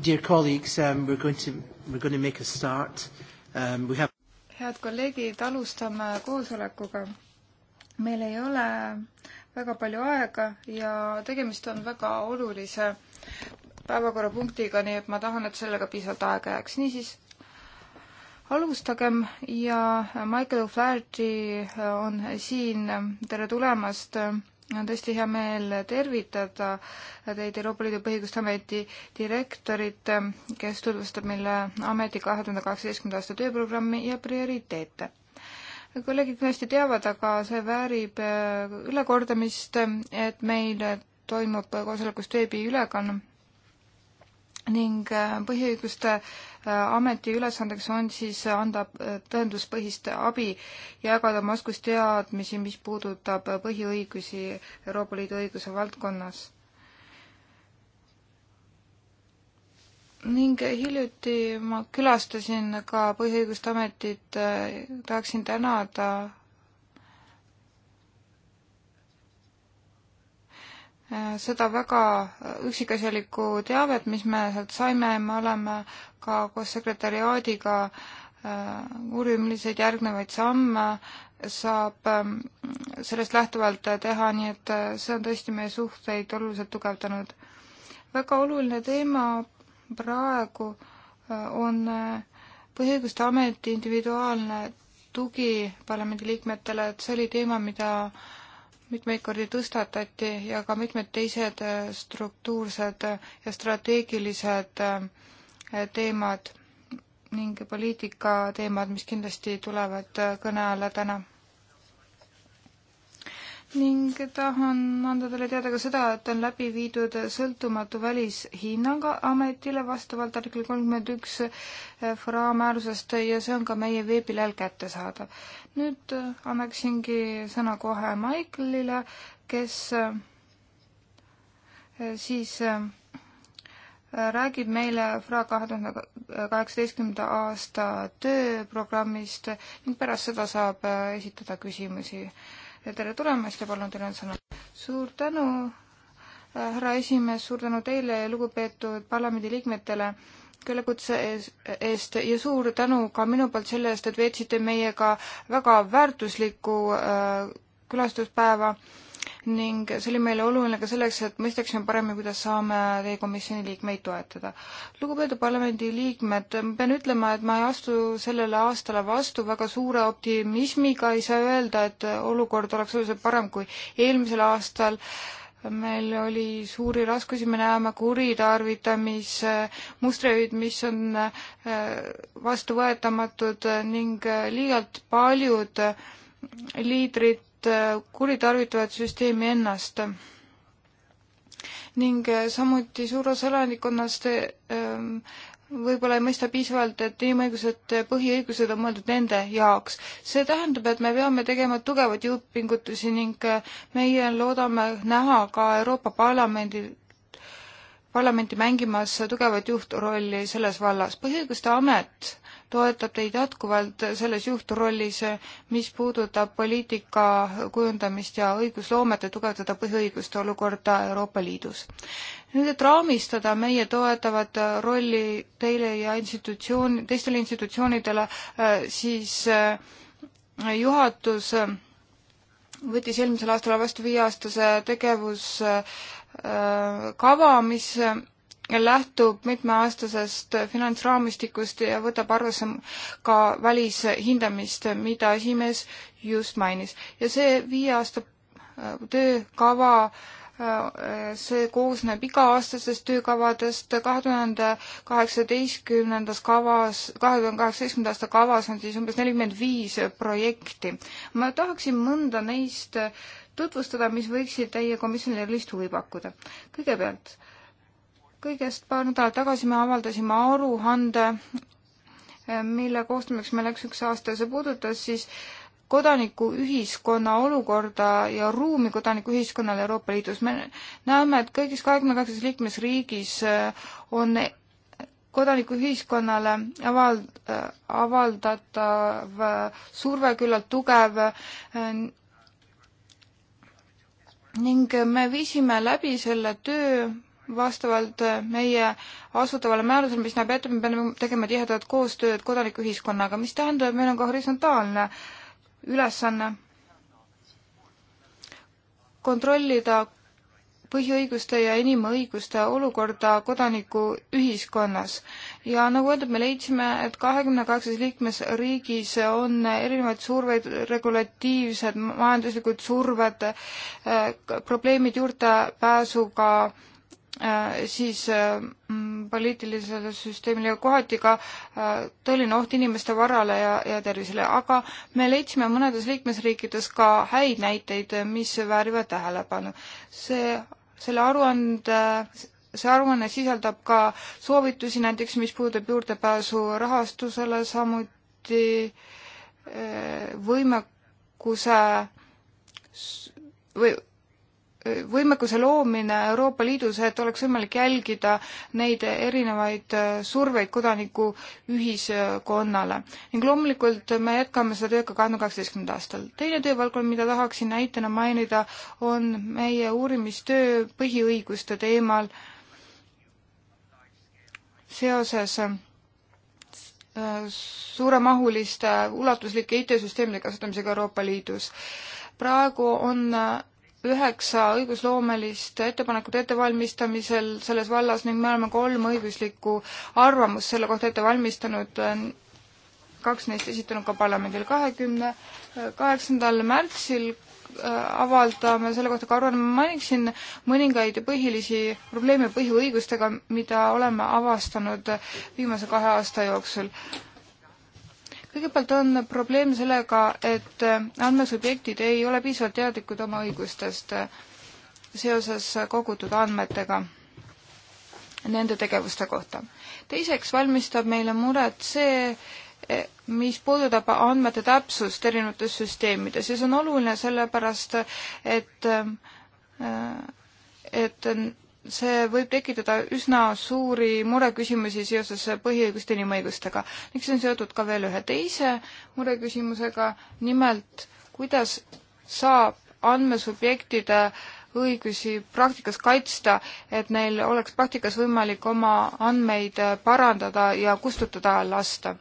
Dear colleagues, um, we're going to, we're going to make a start. Um, we have... head kolleegid, alustame koosolekuga. meil ei ole väga palju aega ja tegemist on väga olulise päevakorrapunktiga, nii et ma tahan, et sellega piisavalt aega jääks. niisiis, alustagem ja Michael Flaherty on siin, tere tulemast on tõesti hea meel tervitada teid Euroopa Liidu Põhiõiguste Ameti direktorit, kes tutvustab meile ameti kahe tuhande kaheksateistkümnenda aasta tööprogrammi ja prioriteete. kolleegid kindlasti teavad, aga see väärib äh, ülekordamist, et meil toimub koosolekust veebiülekanne ning äh, põhiõiguste äh, ameti ülesandeks on siis äh, anda tõenduspõhist abi ja jagada oma oskusteadmisi, mis puudutab põhiõigusi Euroopa Liidu õiguse valdkonnas. ning hiljuti ma külastasin ka Põhiõiguste Ametit, tahaksin tänada Äh, seda väga äh, üksikasjalikku teavet, mis me sealt saime, me oleme ka koos sekretäriaadiga äh, uurima, milliseid järgnevaid samme saab ähm, sellest lähtuvalt teha, nii et see on tõesti meie suhteid oluliselt tugevdanud. väga oluline teema praegu on Põhiõiguste Ameti individuaalne tugi parlamendiliikmetele, et see oli teema, mida mitmeid kordi tõstatati ja ka mitmed teised äh, struktuursed ja strateegilised äh, teemad ning poliitika teemad, mis kindlasti tulevad äh, kõne alla täna ning tahan anda teile teada ka seda, et on läbi viidud sõltumatu välishinnang ametile vastavalt artikli kolmkümmend üks eh, FRA määrusest ja see on ka meie veebilehel kättesaadav. nüüd eh, annaksingi sõna kohe Maiklile, kes eh, siis räägib meile FRA kahe tuhande kaheksateistkümnenda aasta tööprogrammist ning pärast seda saab esitada küsimusi tere tulemast ja palun, teil on sõna. suur tänu, härra esimees, suur tänu teile ja lugupeetud parlamendiliikmetele küllakutse eest ja suur tänu ka minu poolt selle eest, et veetsite meiega väga väärtuslikku äh, külastuspäeva äh, ning see oli meile oluline ka selleks, et mõistaksime paremini, kuidas saame teie komisjoni liikmeid toetada. lugupeetud parlamendiliikmed, pean ütlema, et ma ei astu sellele aastale vastu väga suure optimismiga, ei saa öelda, et olukord oleks oluliselt parem kui eelmisel aastal meil oli suuri raskusi, me näeme kuritarvitamise mustreid, mis on äh, vastuvõetamatud ning äh, liialt paljud äh, liidrid nad äh, kuritarvitavad süsteemi ennast. ning äh, samuti suur osa elanikkonnast ähm, võib-olla ei mõista piisavalt, et inimõigused, põhiõigused on mõeldud nende jaoks. see tähendab, et me peame tegema tugevaid jõupingutusi ning äh, meie loodame näha ka Euroopa Parlamendi parlamenti mängimas tugevat juhtrolli selles vallas. põhiõiguste amet toetab teid jätkuvalt selles juhtrollis, mis puudutab poliitika kujundamist ja õigusloomet, et tugevdada põhiõiguste olukorda Euroopa Liidus. nüüd, et raamistada meie toetavat rolli teile ja institutsioon, teistele institutsioonidele, äh, siis äh, juhatus äh, võttis eelmisel aastal vastu viieaastase tegevuskava, mis lähtub mitmeaastasest finantsraamistikust ja võtab arvesse ka välishindamist, mida esimees just mainis. ja see viie aasta äh, töökava äh, see koosneb iga-aastasest töökavadest, kahe tuhande kaheksateistkümnendas kavas, kahe tuhande kaheksateistkümnenda aasta kavas on siis umbes nelikümmend viis projekti. ma tahaksin mõnda neist tutvustada, mis võiksid teie komisjonile erilist huvi pakkuda. kõigepealt äh, kõigest paar nädalat tagasi me avaldasime aruande, mille koostamiseks meil läks üks aasta ja see puudutas siis kodanikuühiskonna olukorda ja ruumi kodanikuühiskonnale Euroopa Liidus. me näeme, et kõigis kahekümne kaheksas liikmesriigis eh, on kodanikuühiskonnale aval-, avaldatav surve küllalt tugev eh, ning me viisime läbi selle töö vastavalt äh, meie asutavale määrusele, mis näeb ette, me peame tegema tihedat koostööd kodanikuühiskonnaga, mis tähendab, et meil on ka horisontaalne ülesanne kontrollida põhiõiguste ja inimõiguste olukorda kodanikuühiskonnas. ja nagu öeldud, me leidsime, et kahekümne kaheksas liikmesriigis on erinevaid surveid, regulatiivsed, majanduslikud surved, äh, probleemid juurdepääsuga Äh, siis äh, mm, poliitilisele süsteemile ja kohati ka äh, tõeline oht inimeste varale ja, ja tervisele, aga me leidsime mõnedes liikmesriikides ka häid näiteid, mis väärivad tähelepanu. see, selle aruande, see aruanne sisaldab ka soovitusi näiteks, mis puudutab juurdepääsu rahastusele, samuti võimekuse või võimekuse loomine Euroopa Liidus, et oleks võimalik jälgida neid erinevaid äh, surveid kodanikuühiskonnale. ning loomulikult me jätkame seda tööd ka kahe tuhande kaheksateistkümnendal aastal. teine töövaldkond, mida tahaksin näitena mainida, on meie uurimistöö põhiõiguste teemal seoses äh, suuremahuliste ulatuslike IT-süsteemide kasutamisega Euroopa Liidus. praegu on äh, üheksa õigusloomelist ettepanekut ettevalmistamisel selles vallas ning me oleme kolm õiguslikku arvamust selle kohta ette valmistanud. kaks neist esitanud ka parlamendil kahekümne kaheksandal märtsil äh, avaldame selle kohta ka arvamuse, ma mainiksin mõningaid põhilisi probleeme põhiõigustega, mida oleme avastanud viimase kahe aasta jooksul kõigepealt on probleem sellega, et andmesubjektid ei ole piisavalt teadlikud oma õigustest seoses kogutud andmetega nende tegevuste kohta. teiseks valmistab meile muret see, mis puudutab andmete täpsust erinevates süsteemides ja see on oluline sellepärast, et et see võib tekitada üsna suuri mureküsimusi seoses põhiõiguste inimõigustega. eks see on seotud ka veel ühe teise mureküsimusega, nimelt kuidas saab andmesubjektide õigusi praktikas kaitsta, et neil oleks praktikas võimalik oma andmeid parandada ja kustutada lasta.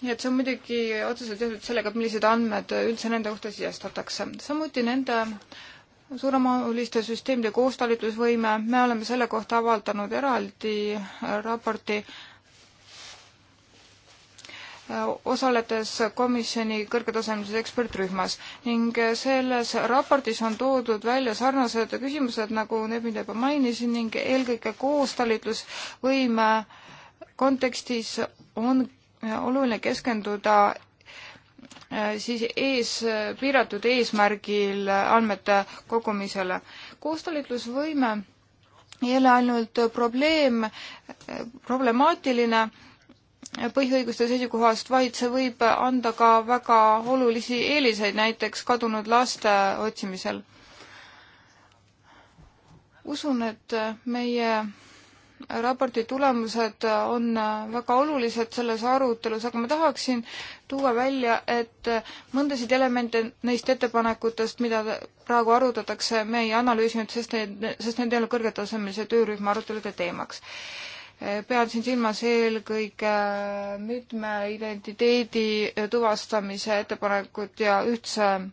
nii et see on muidugi otseselt seotud sellega, millised andmed üldse nende kohta sisestatakse. samuti nende äh, suuremahuliste süsteemide koostalitlusvõime, me oleme selle kohta avaldanud eraldi raporti, osaledes komisjoni kõrgetasemelises ekspertrühmas ning selles raportis on toodud välja sarnased küsimused, nagu need, mida juba mainisin ning eelkõige koostalitlusvõime kontekstis on oluline keskenduda Äh, siis ees, piiratud eesmärgil andmete kogumisele. koostalitlusvõime ei ole ainult probleem, äh, problemaatiline põhiõiguste seisukohast, vaid see võib anda ka väga olulisi eeliseid, näiteks kadunud laste otsimisel. usun, et meie raporti tulemused on väga olulised selles arutelus, aga ma tahaksin tuua välja, et mõndasid elemente neist ettepanekutest, mida praegu arutatakse, me ei analüüsinud, sest need, sest need ei olnud kõrgetasemelise töörühma arutelude teemaks. pean siin silmas eelkõige mitme identiteedi tuvastamise ettepanekut ja ühtse ähm,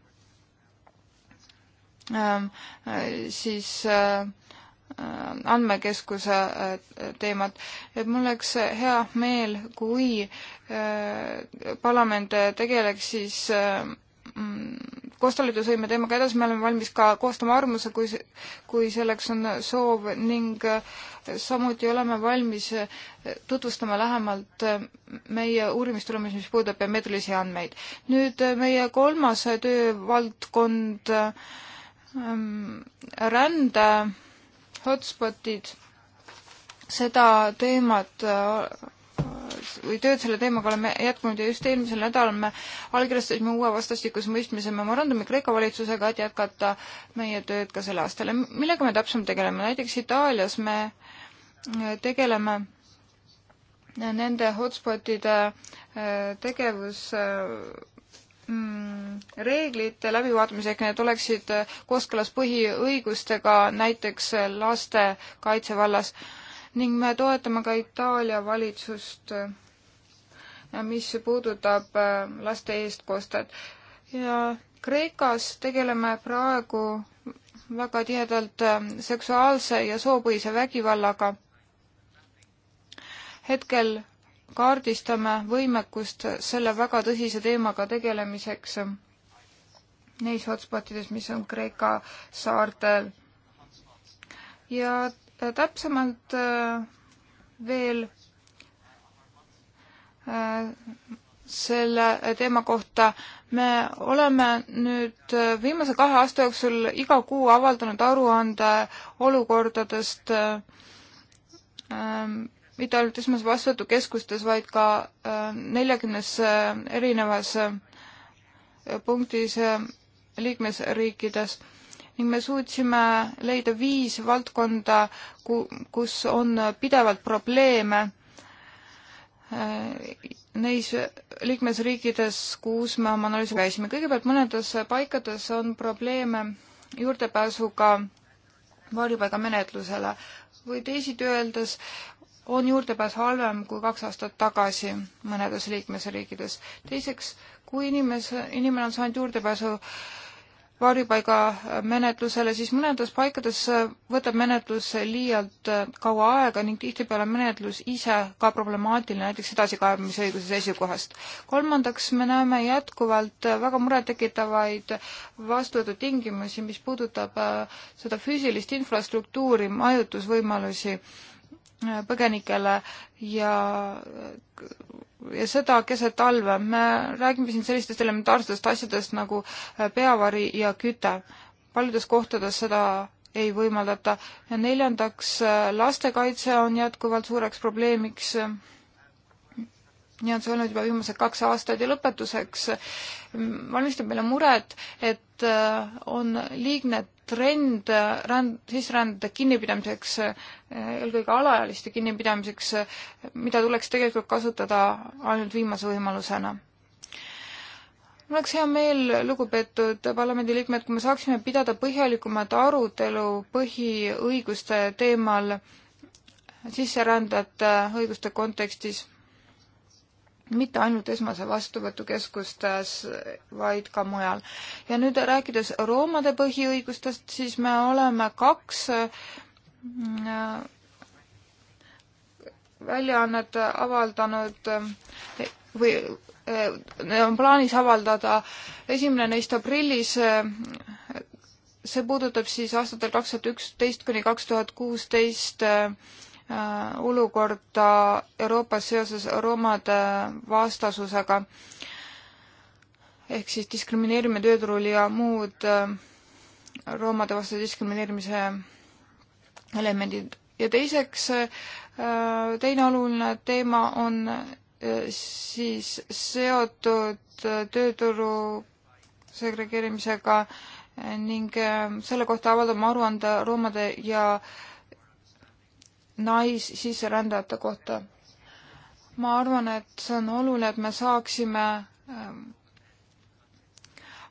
äh, siis äh, Äh, andmekeskuse äh, teemat. et mul oleks hea meel, kui äh, parlament tegeleks siis mm, koostalitu sõime teemaga edasi, me oleme valmis ka koostama arvamuse, kui, kui selleks on soov ning samuti oleme valmis tutvustama lähemalt meie uurimistulemusi, mis puudutab biomeetrilisi andmeid. nüüd meie kolmas töövaldkond ähm,, rände hotspotid, seda teemat või tööd selle teemaga oleme jätkunud ja just eelmisel nädalal me allkirjastasime uue vastastikuse mõistmise memorandumi Kreeka valitsusega, et jätkata meie tööd ka sel aastal ja millega me täpsemalt tegeleme, näiteks Itaalias me tegeleme nende hotspotide tegevus Mm, reeglite läbivaatamiseks, need oleksid kooskõlas põhiõigustega, näiteks lastekaitse vallas. ning me toetame ka Itaalia valitsust, mis puudutab äh, laste eestkostet. ja Kreekas tegeleme praegu väga tihedalt äh, seksuaalse ja soopõhise vägivallaga. hetkel kaardistame võimekust selle väga tõsise teemaga tegelemiseks neis hotspotides, mis on Kreeka saartel. ja täpsemalt äh, veel äh, selle teema kohta. me oleme nüüd äh, viimase kahe aasta jooksul iga kuu avaldanud aruande olukordadest mitte ainult esmas vastuvõtukeskustes, vaid ka äh, neljakümnes äh, erinevas äh, punktis liikmesriikides ning me suutsime leida viis valdkonda, kus on pidevalt probleeme neis liikmesriikides, kus me oma analüüsi käisime. kõigepealt mõnedes paikades on probleeme juurdepääsuga varjupaigamenetlusele või teisiti öeldes on juurdepääs halvem kui kaks aastat tagasi mõnedes liikmesriikides. teiseks, kui inimese, inimene on saanud juurdepääsu varjupaiga menetlusele, siis mõnedes paikades võtab menetlus liialt äh, kaua aega ning tihtipeale on menetlus ise ka problemaatiline, näiteks edasikaebamisõiguse seisukohast. kolmandaks, me näeme jätkuvalt väga murettekitavaid vastuvõtutingimusi, mis puudutab äh, seda füüsilist infrastruktuuri, majutusvõimalusi põgenikele ja, ja seda keset talve. me räägime siin sellistest elementaarsetest asjadest nagu äh, peavari ja küte. paljudes kohtades seda ei võimaldata ja neljandaks, äh, lastekaitse on jätkuvalt suureks probleemiks nii on see olnud juba viimased kaks aastat ja lõpetuseks mm, valmistab meile muret, et äh, on liigne trend äh, ränd-, sisserändade kinnipidamiseks, äh, eelkõige alaealiste kinnipidamiseks, mida tuleks tegelikult kasutada ainult viimase võimalusena. mul oleks hea meel, lugupeetud parlamendiliikmed, kui me saaksime pidada põhjalikumat arutelu põhiõiguste teemal sisserändajate õiguste kontekstis mitte ainult esmase vastuvõtukeskustes, vaid ka mujal. ja nüüd rääkides roomade põhiõigustest, siis me oleme kaks mm, väljaannet avaldanud või eh, on plaanis avaldada esimene neist aprillis, see puudutab siis aastatel kaks tuhat üksteist kuni kaks tuhat kuusteist Äh, olukorda Euroopas seoses romade vastasusega ehk siis diskrimineerimine tööturul ja muud äh, roomade vastu diskrimineerimise elemendid. ja teiseks, äh, teine oluline teema on siis seotud tööturu segregeerimisega ning selle kohta avaldame aruande roomade ja äh, naississerändajate kohta. ma arvan, et see on oluline, et me saaksime ähm,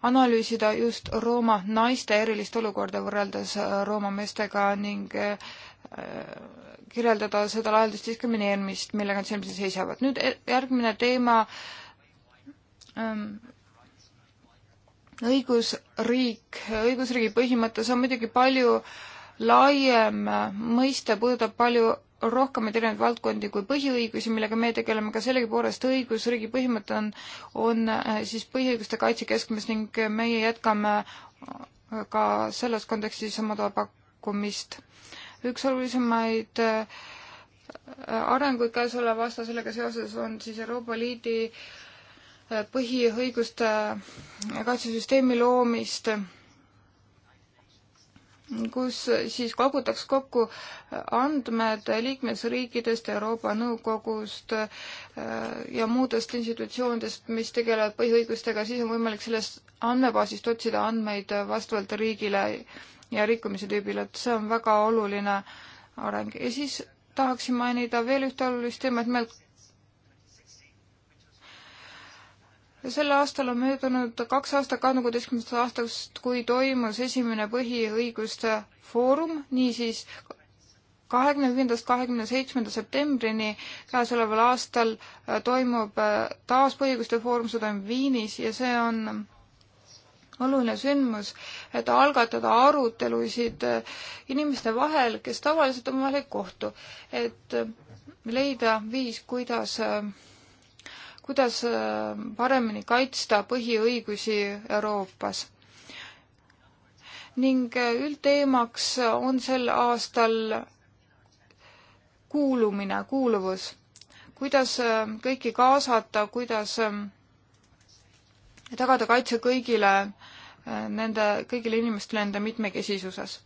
analüüsida just Rooma naiste erilist olukorda võrreldes äh, Rooma meestega ning äh, kirjeldada seda laialdast diskrimineerimist, millega nad silmitsi seisavad. nüüd e-, järgmine teema, ähm, õigusriik, õigusriigi põhimõte, see on muidugi palju äh, laiem mõiste puudutab palju rohkemaid erinevaid valdkondi kui põhiõigusi, millega me tegeleme, aga sellegipoolest õigusriigi põhimõte on, on äh, siis põhiõiguste kaitse keskmes ning meie jätkame äh, ka selles kontekstis oma toa pakkumist. üks olulisemaid äh, arenguid käesoleva aasta sellega seoses on siis Euroopa Liidu põhiõiguste kaitsesüsteemi loomist kus siis kogutaks kokku andmed liikmesriikidest, Euroopa Nõukogust äh, ja muudest institutsioonidest, mis tegelevad põhiõigustega, siis on võimalik sellest andmebaasist otsida andmeid vastavalt riigile ja rikkumise tüübile, et see on väga oluline areng. ja siis tahaksin mainida veel ühte olulist teemat, nimelt sel aastal on möödunud kaks aastat kahekümnendast aastast, kui toimus esimene põhiõiguste foorum, niisiis kahekümne viiendast kahekümne seitsmenda septembrini käesoleval aastal äh, toimub äh, taas põhiõiguste foorum, see toimub Viinis ja see on oluline sündmus, et algatada arutelusid äh, inimeste vahel, kes tavaliselt omavahel ei kohtu, et leida viis, kuidas kuidas äh, paremini kaitsta põhiõigusi Euroopas. ning äh, üldteemaks on sel aastal kuulumine, kuuluvus. kuidas äh, kõiki kaasata, kuidas tagada kaitse kõigile nende, kõigile inimestele nende mitmekesisuses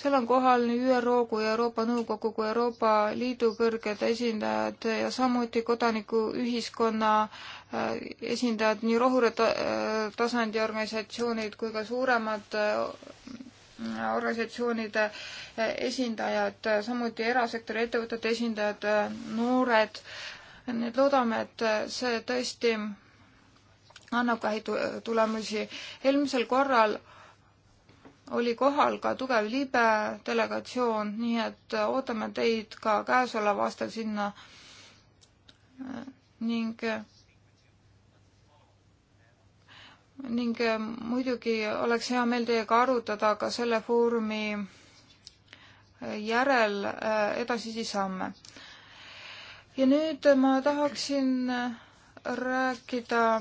seal on kohal nii ÜRO kui Euroopa Nõukogu kui Euroopa Liidu kõrged esindajad ja samuti kodanikuühiskonna äh, esindajad, nii rohure äh, tasandi organisatsioonid kui ka suuremad äh, organisatsioonide esindajad, samuti erasektori ettevõtete esindajad, noored. nii et loodame, et see tõesti annab ka häid tulemusi. eelmisel korral oli kohal ka tugev libe delegatsioon, nii et ootame teid ka käesoleval aastal sinna ning ning muidugi oleks hea meel teiega arutada ka selle foorumi järel äh, edasisi samme. ja nüüd ma tahaksin rääkida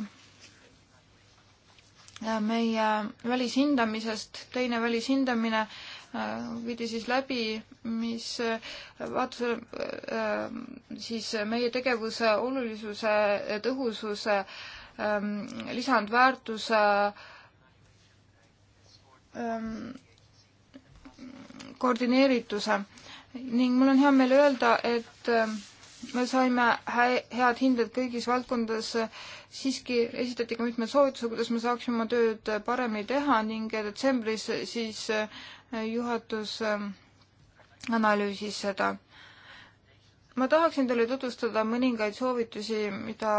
meie välishindamisest, teine välishindamine äh, viidi siis läbi, mis äh, vaatas äh, siis meie tegevuse olulisuse, tõhususe, ähm, lisandväärtuse ähm, koordineerituse ning mul on hea meel öelda, et me saime hä head hinded kõigis valdkondades äh, siiski esitati ka mitmed soovitused, kuidas me saaksime oma tööd paremini teha ning detsembris siis äh, juhatus äh, analüüsis seda. ma tahaksin teile tutvustada mõningaid soovitusi, mida,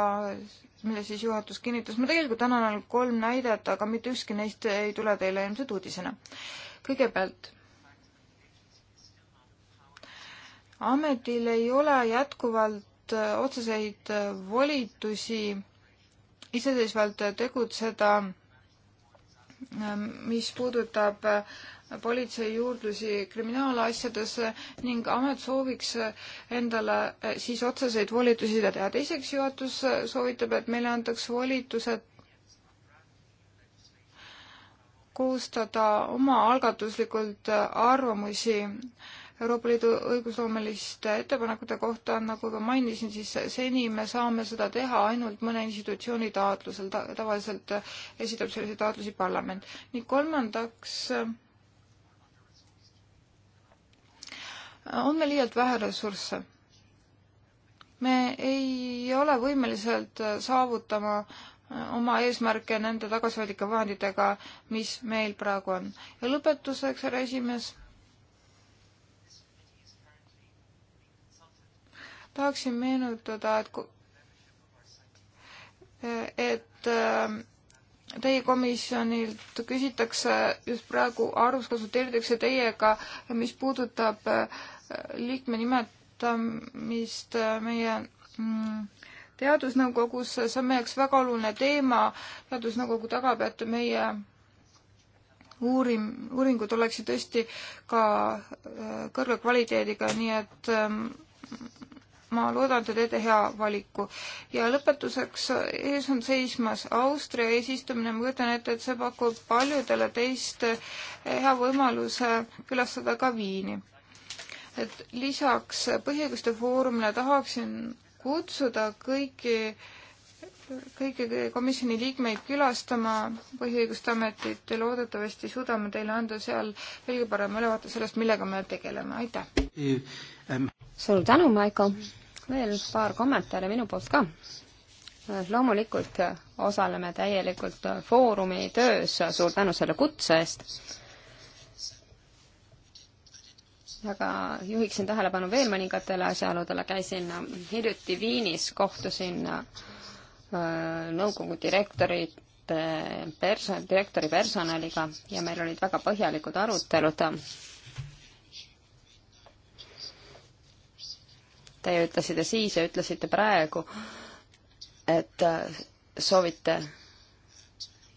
mille siis juhatus kinnitas. ma tegelikult annan ainult kolm näidet, aga mitte ükski neist ei tule teile ilmselt uudisena. kõigepealt ametil ei ole jätkuvalt äh, otseseid volitusi iseseisvalt tegutseda, mis puudutab politsei juurdlusi kriminaalasjadesse ning amet sooviks endale siis otseseid volitusi teha. teiseks juhatus soovitab, et meile antaks volitused koostada omaalgatuslikult arvamusi äh, Euroopa Liidu õigusloomeliste ettepanekute kohta, nagu ka mainisin, siis seni me saame seda teha ainult mõne institutsiooni taotlusel Ta,, tavaliselt esitab selliseid taotlusi parlament. ning kolmandaks on meil liialt vähe ressursse. me ei ole võimeliselt saavutama oma eesmärke nende tagasihoidlike vahenditega, mis meil praegu on. ja lõpetuseks, härra esimees tahaksin meenutada, et et ähm, teie komisjonilt küsitakse just praegu, arus konsulteeritakse teiega, mis puudutab äh, liikme nimetamist äh, meie mm, teadusnõukogus, see on meie jaoks väga oluline teema, teadusnõukogu tagab, et meie uurim-, uuringud oleksid tõesti ka äh, kõrge kvaliteediga, nii et ähm, ma loodan, te teete hea valiku. ja lõpetuseks, ees on seismas Austria eesistumine, ma kujutan ette, et see pakub paljudele teist hea võimaluse külastada ka Viini. et lisaks Põhiõiguste Foorumile tahaksin kutsuda kõiki kõiki komisjoni liikmeid külastama Põhiõiguste Ametit ja loodetavasti suudame teile anda seal veelgi parema ülevaate sellest, millega me tegeleme, aitäh! suur tänu, Maiko! veel paar kommentaari minu poolt ka. loomulikult osaleme täielikult Foorumi töös, suur tänu selle kutse eest. aga juhiksin tähelepanu veel mõningatele asjaoludele, käisin hiljuti Viinis, kohtusin äh, nõukogu direktorit, perso-, direktori personaliga ja meil olid väga põhjalikud arutelud Teie ütlesite siis ja ütlesite praegu, et soovite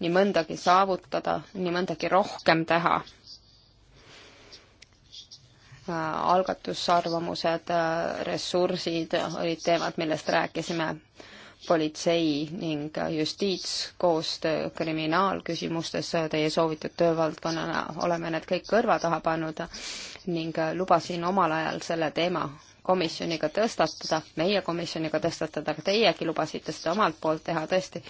nii mõndagi saavutada, nii mõndagi rohkem teha. algatusarvamused, ressursid olid teemad, millest rääkisime politsei ning justiitskoostöö kriminaalküsimustes teie soovitud töövaldkonnana oleme need kõik kõrva taha pannud ning lubasin omal ajal selle teema komisjoniga tõstatada, meie komisjoniga tõstatada, aga teiegi lubasite seda omalt poolt teha, tõesti,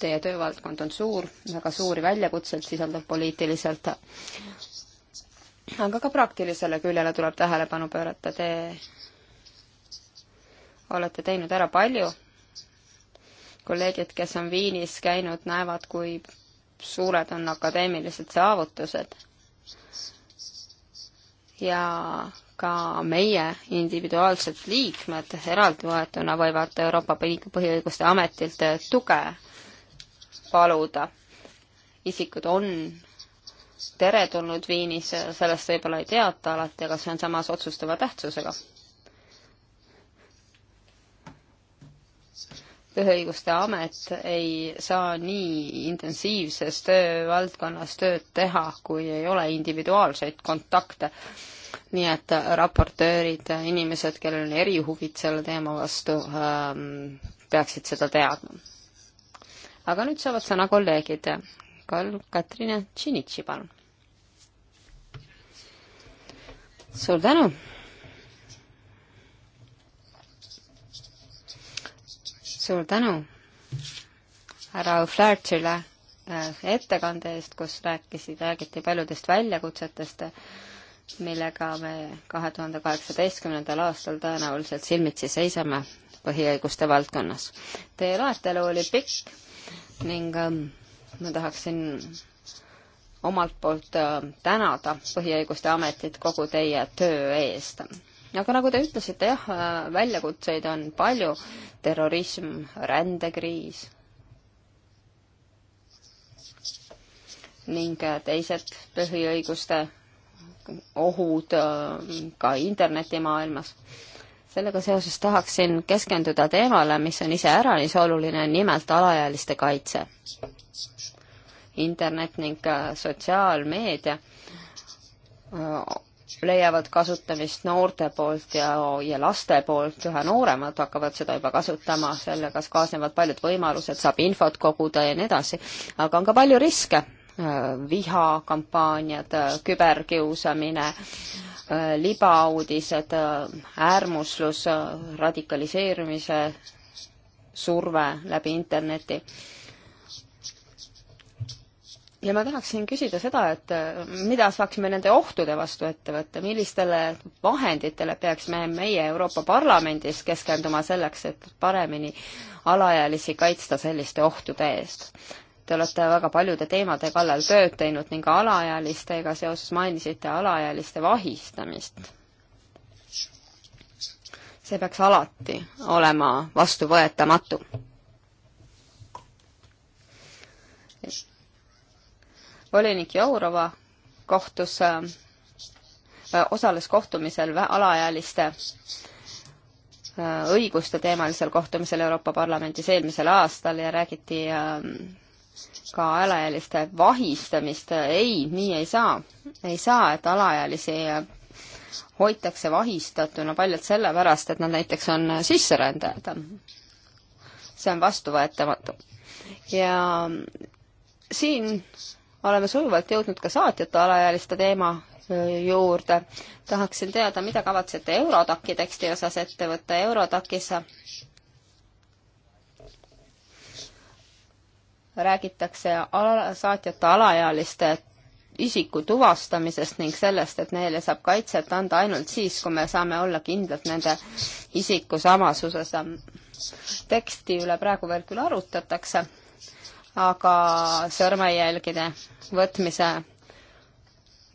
teie töövaldkond on suur, väga suuri väljakutseid sisaldab poliitiliselt. aga ka praktilisele küljele tuleb tähelepanu pöörata, te olete teinud ära palju, kolleegid, kes on Viinis käinud, näevad, kui suured on akadeemilised saavutused ja ka meie individuaalsed liikmed eraldivõetuna võivad Euroopa Põhiõiguste Ametilt tuge paluda. isikud on teretulnud Viinis, sellest võib-olla ei teata alati, aga see on samas otsustava tähtsusega. põhiõiguste amet ei saa nii intensiivses töövaldkonnas tööd teha, kui ei ole individuaalseid kontakte nii et äh, raportöörid, äh, inimesed, kellel on erihuvid selle teema vastu, ähm, peaksid seda teadma. aga nüüd saavad sõna kolleegid. Kal-, Katrine Tšinitši, palun. suur tänu. suur tänu härra Flahertile äh, ettekande eest, kus rääkisid, räägiti paljudest väljakutsetest millega me kahe tuhande kaheksateistkümnendal aastal tõenäoliselt silmitsi seisame põhiõiguste valdkonnas. Teie loetelu oli pikk ning ähm, ma tahaksin omalt poolt äh, tänada Põhiõiguste Ametit kogu teie töö eest. aga nagu te ütlesite, jah, äh, väljakutseid on palju, terrorism, rändekriis ning äh, teised põhiõiguste ohud äh, ka internetimaailmas. sellega seoses tahaksin keskenduda teemale, mis on iseäranis oluline, nimelt alaealiste kaitse. internet ning äh, sotsiaalmeedia äh, leiavad kasutamist noorte poolt ja, ja laste poolt, üha nooremad hakkavad seda juba kasutama, sellega kaasnevad paljud võimalused, saab infot koguda ja nii edasi, aga on ka palju riske vihakampaaniad, küberkiusamine, libauudised, äärmuslus, radikaliseerumise surve läbi interneti. ja ma tahaksin küsida seda, et mida saaksime nende ohtude vastu ette võtta, millistele vahenditele peaksime meie Euroopa Parlamendis keskenduma selleks, et paremini alaealisi kaitsta selliste ohtude eest? te olete väga paljude teemade kallal tööd teinud ning alaealistega seoses mainisite alaealiste vahistamist. see peaks alati olema vastuvõetamatu. volinik Jourova kohtus, äh, osales kohtumisel alaealiste äh, õiguste teemalisel kohtumisel Euroopa Parlamendis eelmisel aastal ja räägiti äh, ka alaealiste vahistamist, ei, nii ei saa. ei saa, et alaealisi hoitakse vahistatuna paljalt sellepärast, et nad näiteks on sisserändajad. see on vastuvõetamatu. ja siin oleme sujuvalt jõudnud ka saatjate alaealiste teema juurde. tahaksin teada, mida kavatsete Eurodaki teksti osas ette võtta. Eurodakis räägitakse ala, saatjate alaealiste isiku tuvastamisest ning sellest, et neile saab kaitset anda ainult siis, kui me saame olla kindlad nende isiku samasuses. teksti üle praegu veel küll arutatakse, aga sõrmejälgide võtmise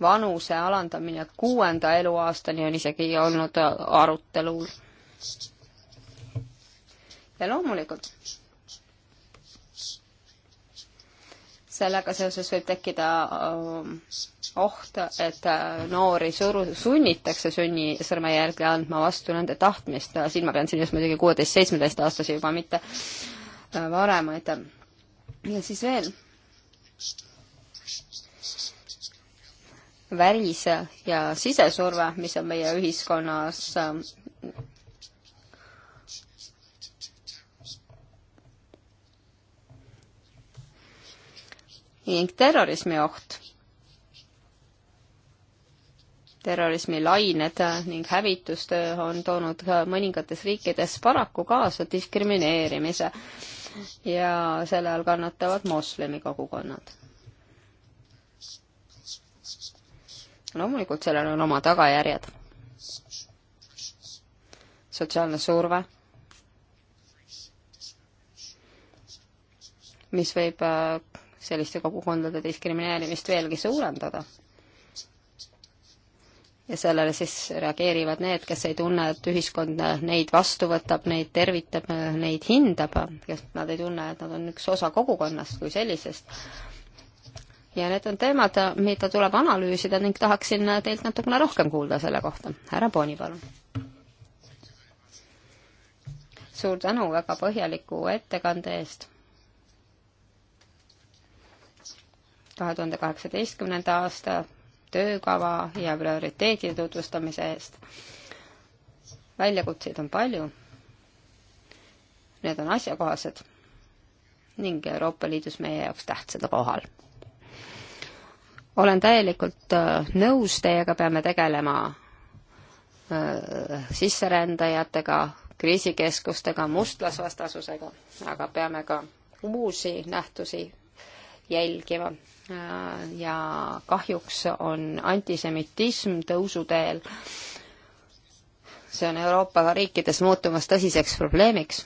vanuse alandamine kuuenda eluaastani on isegi olnud arutelul. ja loomulikult sellega seoses võib tekkida ähm, oht, et äh, noori suru-, sunnitakse sünni sõrmejälge andma vastu nende tahtmist, siin ma pean silmas muidugi kuueteist-seitsmeteistaastasi juba, mitte äh, varem, et ja siis veel. välis- ja sisesurve, mis on meie ühiskonnas ähm, ning terrorismioht, terrorismilained ning hävitustöö on toonud mõningates riikides paraku kaasa diskrimineerimise ja selle all kannatavad moslemi kogukonnad. loomulikult sellel on oma tagajärjed. sotsiaalne surve mis võib äh, selliste kogukondade diskrimineerimist veelgi suurendada. ja sellele siis reageerivad need, kes ei tunne, et ühiskond neid vastu võtab, neid tervitab, neid hindab, kes, nad ei tunne, et nad on üks osa kogukonnast kui sellisest. ja need on teemad, mida tuleb analüüsida ning tahaksin teilt natukene rohkem kuulda selle kohta. härra Boni, palun suur tänu väga põhjaliku ettekande eest. kahe tuhande kaheksateistkümnenda aasta töökava ja prioriteetide tutvustamise eest. väljakutseid on palju. Need on asjakohased ning Euroopa Liidus meie jaoks tähtsad kohal. olen täielikult äh, nõus teiega, peame tegelema äh, sisserändajatega, kriisikeskustega, mustlasvastasusega, aga peame ka uusi nähtusi jälgima Äh, ja kahjuks on antisemitism tõusuteel. see on Euroopa riikides muutumas tõsiseks probleemiks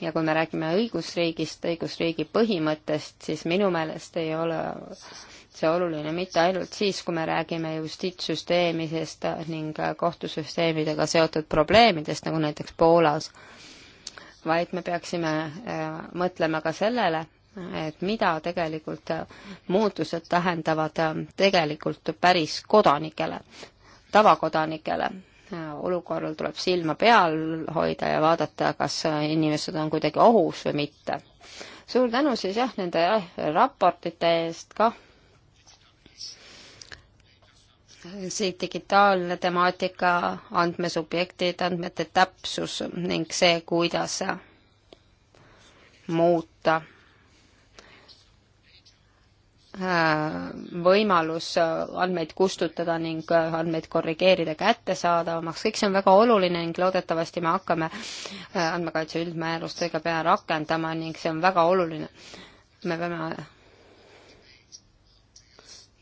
ja kui me räägime õigusriigist, õigusriigi põhimõttest, siis minu meelest ei ole see oluline mitte ainult siis, kui me räägime justiitssüsteemidest ning kohtusüsteemidega seotud probleemidest, nagu näiteks Poolas, vaid me peaksime äh, mõtlema ka sellele, et mida tegelikult muutused tähendavad tegelikult päris kodanikele, tavakodanikele. olukorral tuleb silma peal hoida ja vaadata, kas inimesed on kuidagi ohus või mitte. suur tänu siis jah, nende raportite eest kah. see digitaalne temaatika, andmesubjektid, andmete täpsus ning see, kuidas muuta Äh, võimalus äh, andmeid kustutada ning äh, andmeid korrigeerida kättesaadavamaks, kõik see on väga oluline ning loodetavasti me hakkame andmekaitse üldmäärust õige pea rakendama ning see on väga oluline. me peame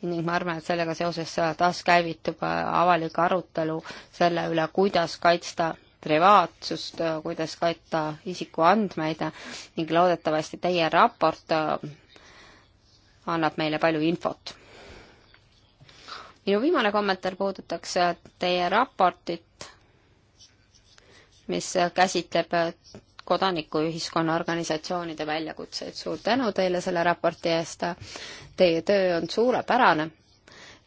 ning ma arvan, et sellega seoses taaskäivitub avalik arutelu selle üle, kuidas kaitsta privaatsust, kuidas kaitsta isikuandmeid ning loodetavasti teie raport annab meile palju infot. minu viimane kommentaar puudutaks äh, teie raportit, mis äh, käsitleb äh, kodanikuühiskonna organisatsioonide väljakutseid. suur tänu teile selle raporti eest, teie töö on suurepärane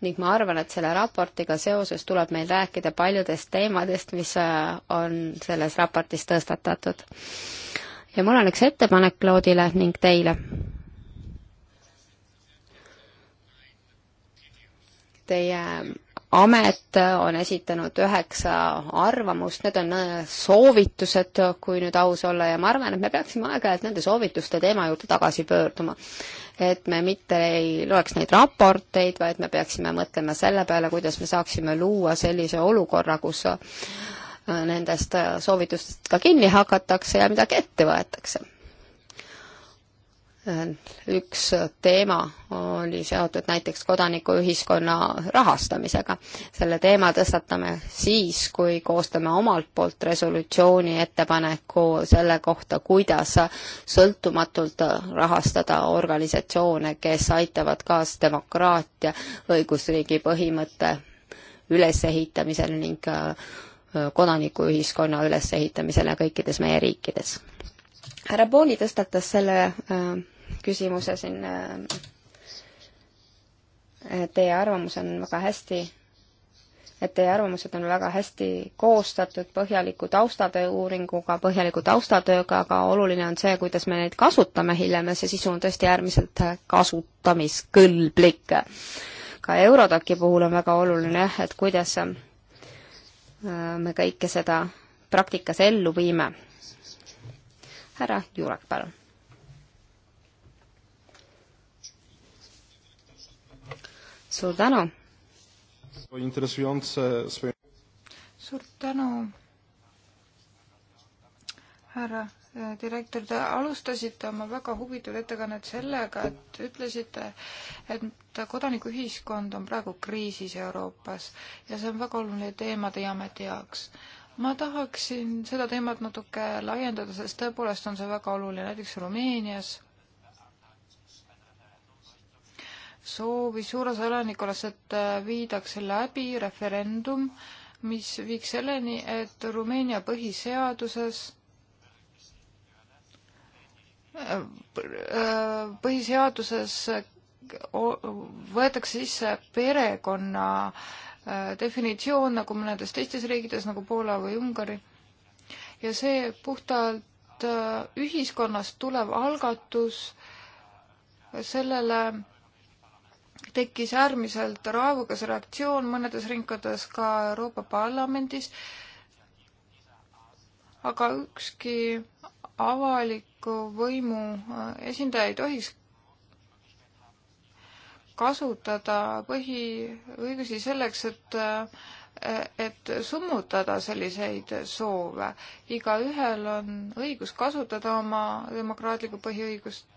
ning ma arvan, et selle raportiga seoses tuleb meil rääkida paljudest teemadest, mis on selles raportis tõstatatud. ja mul on üks ettepanek Claude'ile ning teile Teie amet on esitanud üheksa arvamust, need on äh, soovitused, kui nüüd aus olla, ja ma arvan, et me peaksime aeg-ajalt nende soovituste teema juurde tagasi pöörduma. et me mitte ei loeks neid raporteid, vaid me peaksime mõtlema selle peale, kuidas me saaksime luua sellise olukorra, kus äh, nendest äh, soovitustest ka kinni hakatakse ja midagi ette võetakse üks teema oli seotud näiteks kodanikuühiskonna rahastamisega. selle teema tõstatame siis, kui koostame omalt poolt resolutsiooni ettepaneku selle kohta, kuidas sõltumatult rahastada organisatsioone, kes aitavad kaasa demokraatia, õigusriigi põhimõtte ülesehitamisel ning äh, kodanikuühiskonna ülesehitamisele kõikides meie riikides. härra Pooli tõstatas selle äh, küsimuse siin. Äh, teie arvamus on väga hästi, et teie arvamused on väga hästi koostatud põhjaliku taustatöö uuringuga, põhjaliku taustatööga, aga oluline on see, kuidas me neid kasutame hiljem ja see sisu on tõesti äärmiselt kasutamiskõlblik. ka Eurodoci puhul on väga oluline jah, et kuidas äh, me kõike seda praktikas ellu viime. härra Jurek, palun suur tänu! suur tänu, härra eh, direktor, te alustasite oma väga huvitavat ettekannet sellega, et ütlesite, et kodanikuühiskond on praegu kriisis Euroopas ja see on väga oluline teema teie ameti jaoks. ma tahaksin seda teemat natuke laiendada, sest tõepoolest on see väga oluline, näiteks Rumeenias soovis suures elanikkonnas, et äh, viidaks läbi referendum, mis viiks selleni, et Rumeenia põhiseaduses äh, põhiseaduses äh, võetakse sisse perekonna definitsioon nagu mõnedes teistes riikides nagu Poola või Ungari. ja see puhtalt ühiskonnast tulev algatus sellele tekkis äärmiselt raavukas reaktsioon mõnedes ringkondades ka Euroopa Parlamendis, aga ükski avaliku võimu äh, esindaja ei tohiks kasutada põhiõigusi selleks, et äh, et summutada selliseid soove. igaühel on õigus kasutada oma demokraatlikku põhiõigust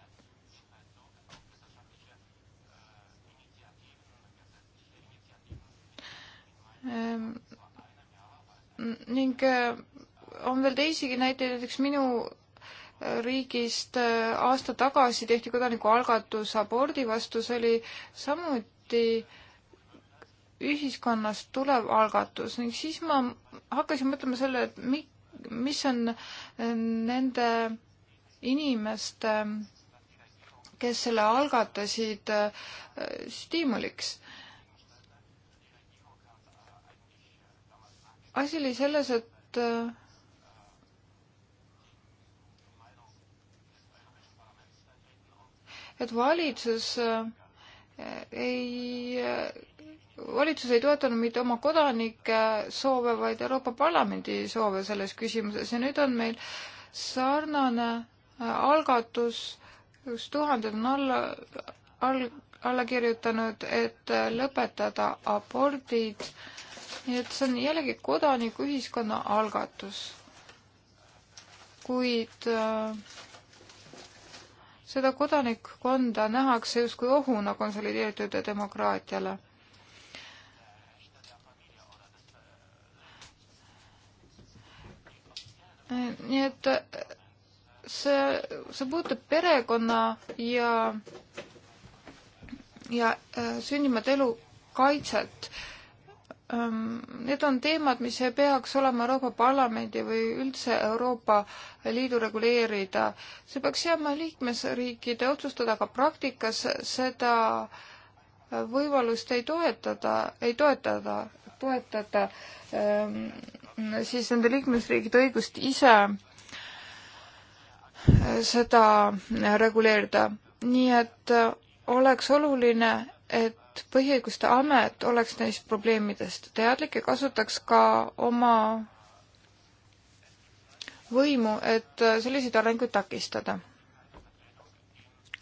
Ehm, ning äh, on veel teisigi näiteid, näiteks minu äh, riigist äh, aasta tagasi tehti kodanikualgatus abordi vastu, see oli samuti ühiskonnast tulev algatus ning siis ma hakkasin mõtlema selle, et mi-, mis on nende inimeste, kes selle algatasid, stiimuliks äh, asi oli selles, et äh, et valitsus äh, ei, äh, valitsus ei toetanud mitte oma kodanike soove, vaid Euroopa Parlamendi soove selles küsimuses ja nüüd on meil sarnane algatus, kus tuhanded on alla, all, alla kirjutanud, et lõpetada abordid äh, nii et see on jällegi kodanikuühiskonna algatus. kuid äh, seda kodanikkonda nähakse justkui ohuna konsolideeritud demokraatiale. nii et äh, see, see puutub perekonna ja, ja äh, sündimat elu kaitset äh, Need on teemad, mis ei peaks olema Euroopa Parlamendi või üldse Euroopa Liidu reguleerida. see peaks jääma liikmesriikide otsustada, aga praktikas seda võimalust ei toetada, ei toetada, toetada siis nende liikmesriikide õigust ise äh, seda reguleerida. nii et äh, oleks oluline, et et Põhiõiguste Amet oleks neist probleemidest teadlik ja kasutaks ka oma võimu, et äh, selliseid arenguid takistada.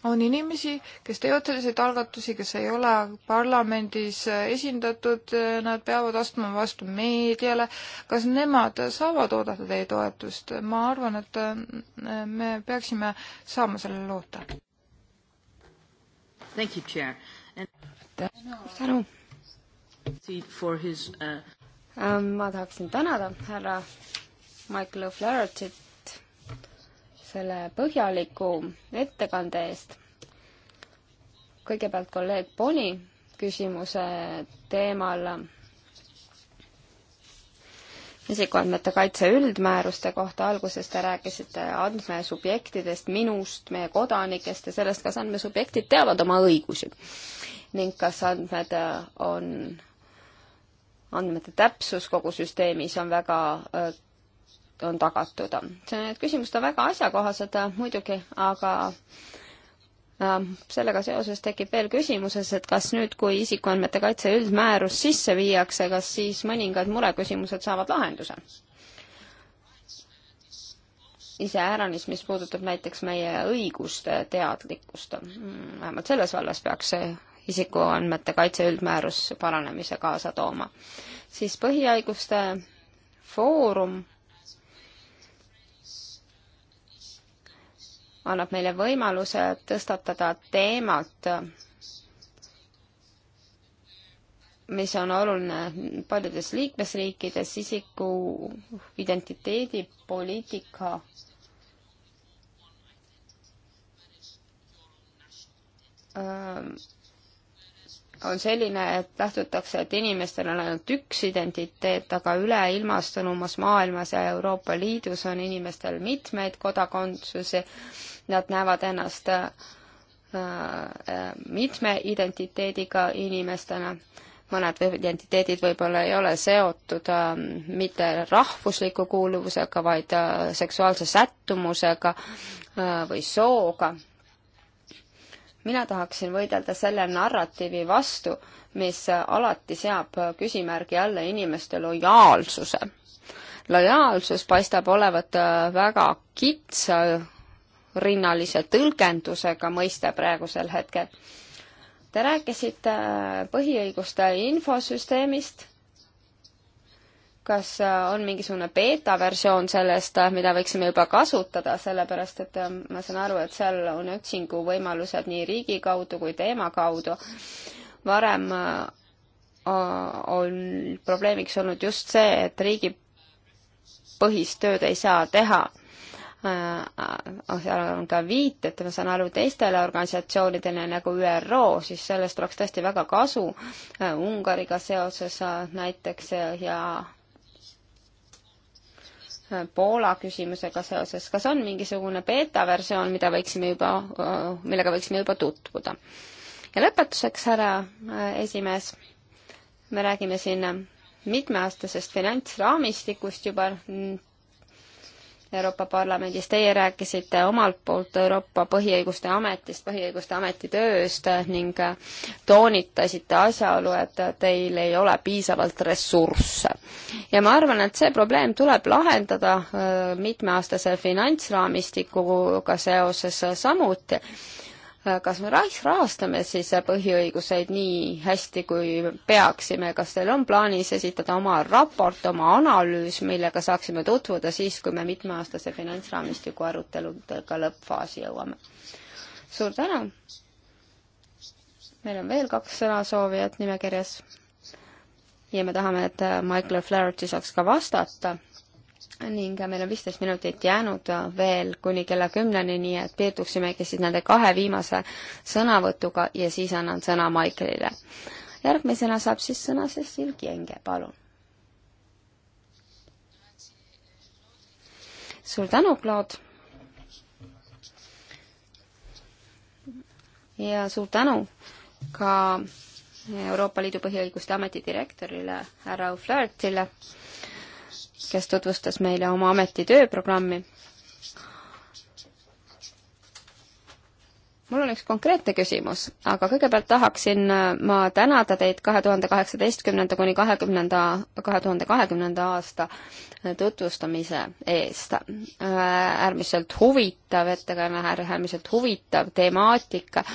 on inimesi, kes teevad selliseid algatusi, kes ei ole parlamendis äh, esindatud, äh, nad peavad astuma vastu meediale. kas nemad saavad oodata teie toetust? ma arvan, et me peaksime saama sellele loota tänu. Uh, ähm, ma tahaksin tänada härra Michael O'Flahertit selle põhjaliku ettekande eest. kõigepealt kolleeg Boni küsimuse teemal isikuandmete kaitse üldmääruste kohta, alguses te rääkisite andmesubjektidest, minust, meie kodanikest ja sellest, kas andmesubjektid teavad oma õigusi ning kas andmed äh, on, andmete täpsus kogu süsteemis on väga, äh, on tagatud. Need küsimused on väga asjakohased äh, muidugi, aga sellega seoses tekib veel küsimuses, et kas nüüd, kui isikuandmete kaitse üldmäärus sisse viiakse, kas siis mõningad mureküsimused saavad lahenduse? iseäranis, mis puudutab näiteks meie õiguste teadlikkust. Mm, vähemalt selles vallas peaks see isikuandmete kaitse üldmäärus paranemise kaasa tooma. siis põhihaiguste foorum annab meile võimaluse tõstatada teemat, mis on oluline paljudes liikmesriikides, isiku identiteedipoliitika on selline, et lähtutakse, et inimestel on ainult üks identiteet, aga üleilmastunumas maailmas ja Euroopa Liidus on inimestel mitmeid kodakondsusi. Nad näevad ennast äh, äh mitme identiteediga inimestena. mõned identiteedid võib-olla ei ole seotud äh, mitte rahvusliku kuuluvusega, vaid äh, seksuaalse sättumusega äh, või sooga mina tahaksin võidelda selle narratiivi vastu, mis alati seab küsimärgi alla inimeste lojaalsuse. lojaalsus paistab olevat väga kitsa rinnalise tõlgendusega mõiste praegusel hetkel. Te rääkisite põhiõiguste infosüsteemist kas äh, on mingisugune beeta-versioon sellest, äh, mida võiksime juba kasutada, sellepärast et äh, ma saan aru, et seal on otsinguvõimalused nii riigi kaudu kui teema kaudu. varem on probleemiks olnud just see, et riigipõhist tööd ei saa teha. seal on ka viited, ma saan aru, teistele organisatsioonidele nagu ÜRO, siis sellest oleks tõesti väga kasu Ungariga seoses näiteks ja Poola küsimusega seoses, kas on mingisugune beeta-versioon, mida võiksime juba, millega võiksime juba tutvuda? ja lõpetuseks, härra äh, esimees, me räägime siin mitmeaastasest finantsraamistikust juba Euroopa Parlamendis, teie rääkisite omalt poolt Euroopa Põhiõiguste Ametist, Põhiõiguste Ameti tööst ning toonitasite asjaolu, et teil ei ole piisavalt ressursse. ja ma arvan, et see probleem tuleb lahendada äh, mitmeaastase finantsraamistikuga seoses samuti Äh, kas me rahastame siis äh, põhiõiguseid nii hästi, kui peaksime, kas teil on plaanis esitada oma raport, oma analüüs, millega saaksime tutvuda siis, kui me mitmeaastase finantsraamistiku aruteludega lõppfaasi jõuame? suur tänu! meil on veel kaks sõnasoovijat nimekirjas ja me tahame, et äh, Michael Flaherty saaks ka vastata ning meil on viisteist minutit jäänud äh, veel kuni kella kümneni, nii et piirduksimegi siis nende kahe viimase sõnavõtuga ja siis annan sõna Maikelile. järgmisena saab siis sõna Cecil Kienge, palun. suur tänu, Claude. ja suur tänu ka Euroopa Liidu põhiõiguste ameti direktorile härra Flaertile kes tutvustas meile oma ameti tööprogrammi. mul on üks konkreetne küsimus, aga kõigepealt tahaksin äh, ma tänada teid kahe tuhande kaheksateistkümnenda kuni kahekümnenda, kahe tuhande kahekümnenda aasta tutvustamise eest. Äh, äärmiselt huvitav ettekanne, äärmiselt huvitav temaatika.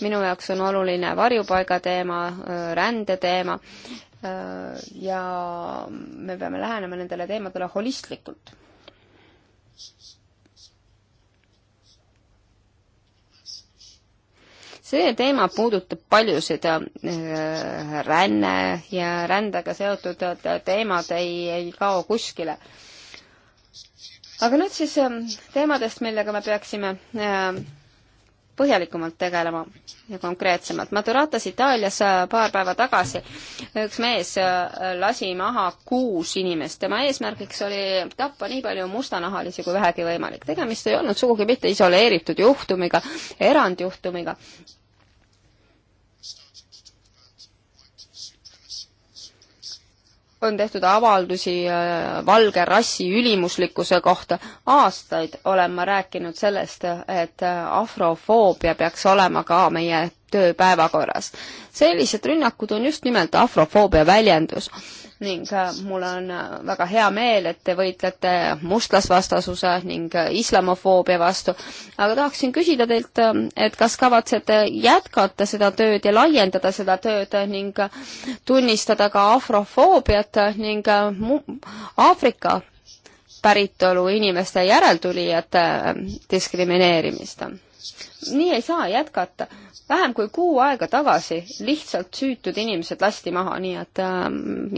minu jaoks on oluline varjupaiga teema, äh, rände teema Äh, ja me peame lähenema nendele teemadele holistlikult. see teema puudutab paljusid äh, ränne ja rändega seotud teemad ei, ei kao kuskile. aga nüüd siis äh, teemadest, millega me peaksime äh, põhjalikumalt tegelema ja konkreetsemalt. Maduratas Itaalias äh, paar päeva tagasi üks mees äh, lasi maha kuus inimest. tema eesmärgiks oli tappa nii palju mustanahalisi kui vähegi võimalik. tegemist ei olnud sugugi mitte isoleeritud juhtumiga, erandjuhtumiga on tehtud avaldusi äh, valge rassi ülimuslikkuse kohta. aastaid olen ma rääkinud sellest, et äh, afrofoobia peaks olema ka meie töö päevakorras. sellised rünnakud on just nimelt afrofoobia väljendus ning äh, mul on äh, väga hea meel, et te võitlete mustlasvastasuse ning äh, islamofoobia vastu. aga tahaksin küsida teilt, et kas kavatsete jätkata seda tööd ja laiendada seda tööd ning tunnistada ka afrofoobiat ning Aafrika päritolu inimeste järeltulijate diskrimineerimist? nii ei saa jätkata. vähem kui kuu aega tagasi lihtsalt süütud inimesed lasti maha, nii et äh,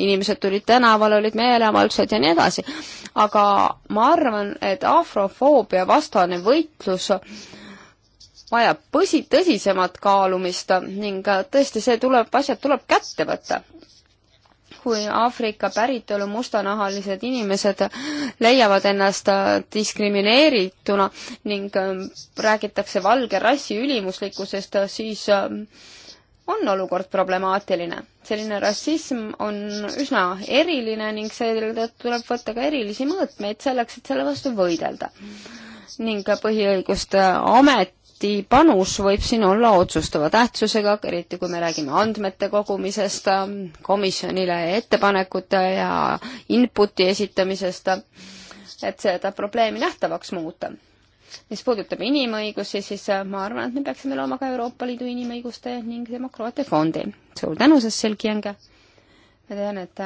inimesed tulid tänavale, olid meeleavaldused ja nii edasi. aga ma arvan, et afrofoobia vastane võitlus vajab põsi, tõsisemat kaalumist ning äh, tõesti, see tuleb, asjad tuleb kätte võtta kui Aafrika päritolu mustanahalised inimesed leiavad ennast diskrimineerituna ning ähm, räägitakse valge rassi ülimuslikkusest, siis ähm, on olukord problemaatiline. selline rassism on üsna eriline ning selle tõttu tuleb võtta ka erilisi mõõtmeid selleks, et selle vastu võidelda. ning põhiõiguste amet ameti panus võib siin olla otsustava tähtsusega, eriti kui me räägime andmete kogumisest, komisjonile ettepanekute ja input'i esitamisest, et seda probleemi nähtavaks muuta. mis puudutab inimõigusi, siis ma arvan, et me peaksime looma ka Euroopa Liidu inimõiguste ning demokraatia fondi. suur tänu, Cecil Kienge! ma tean, et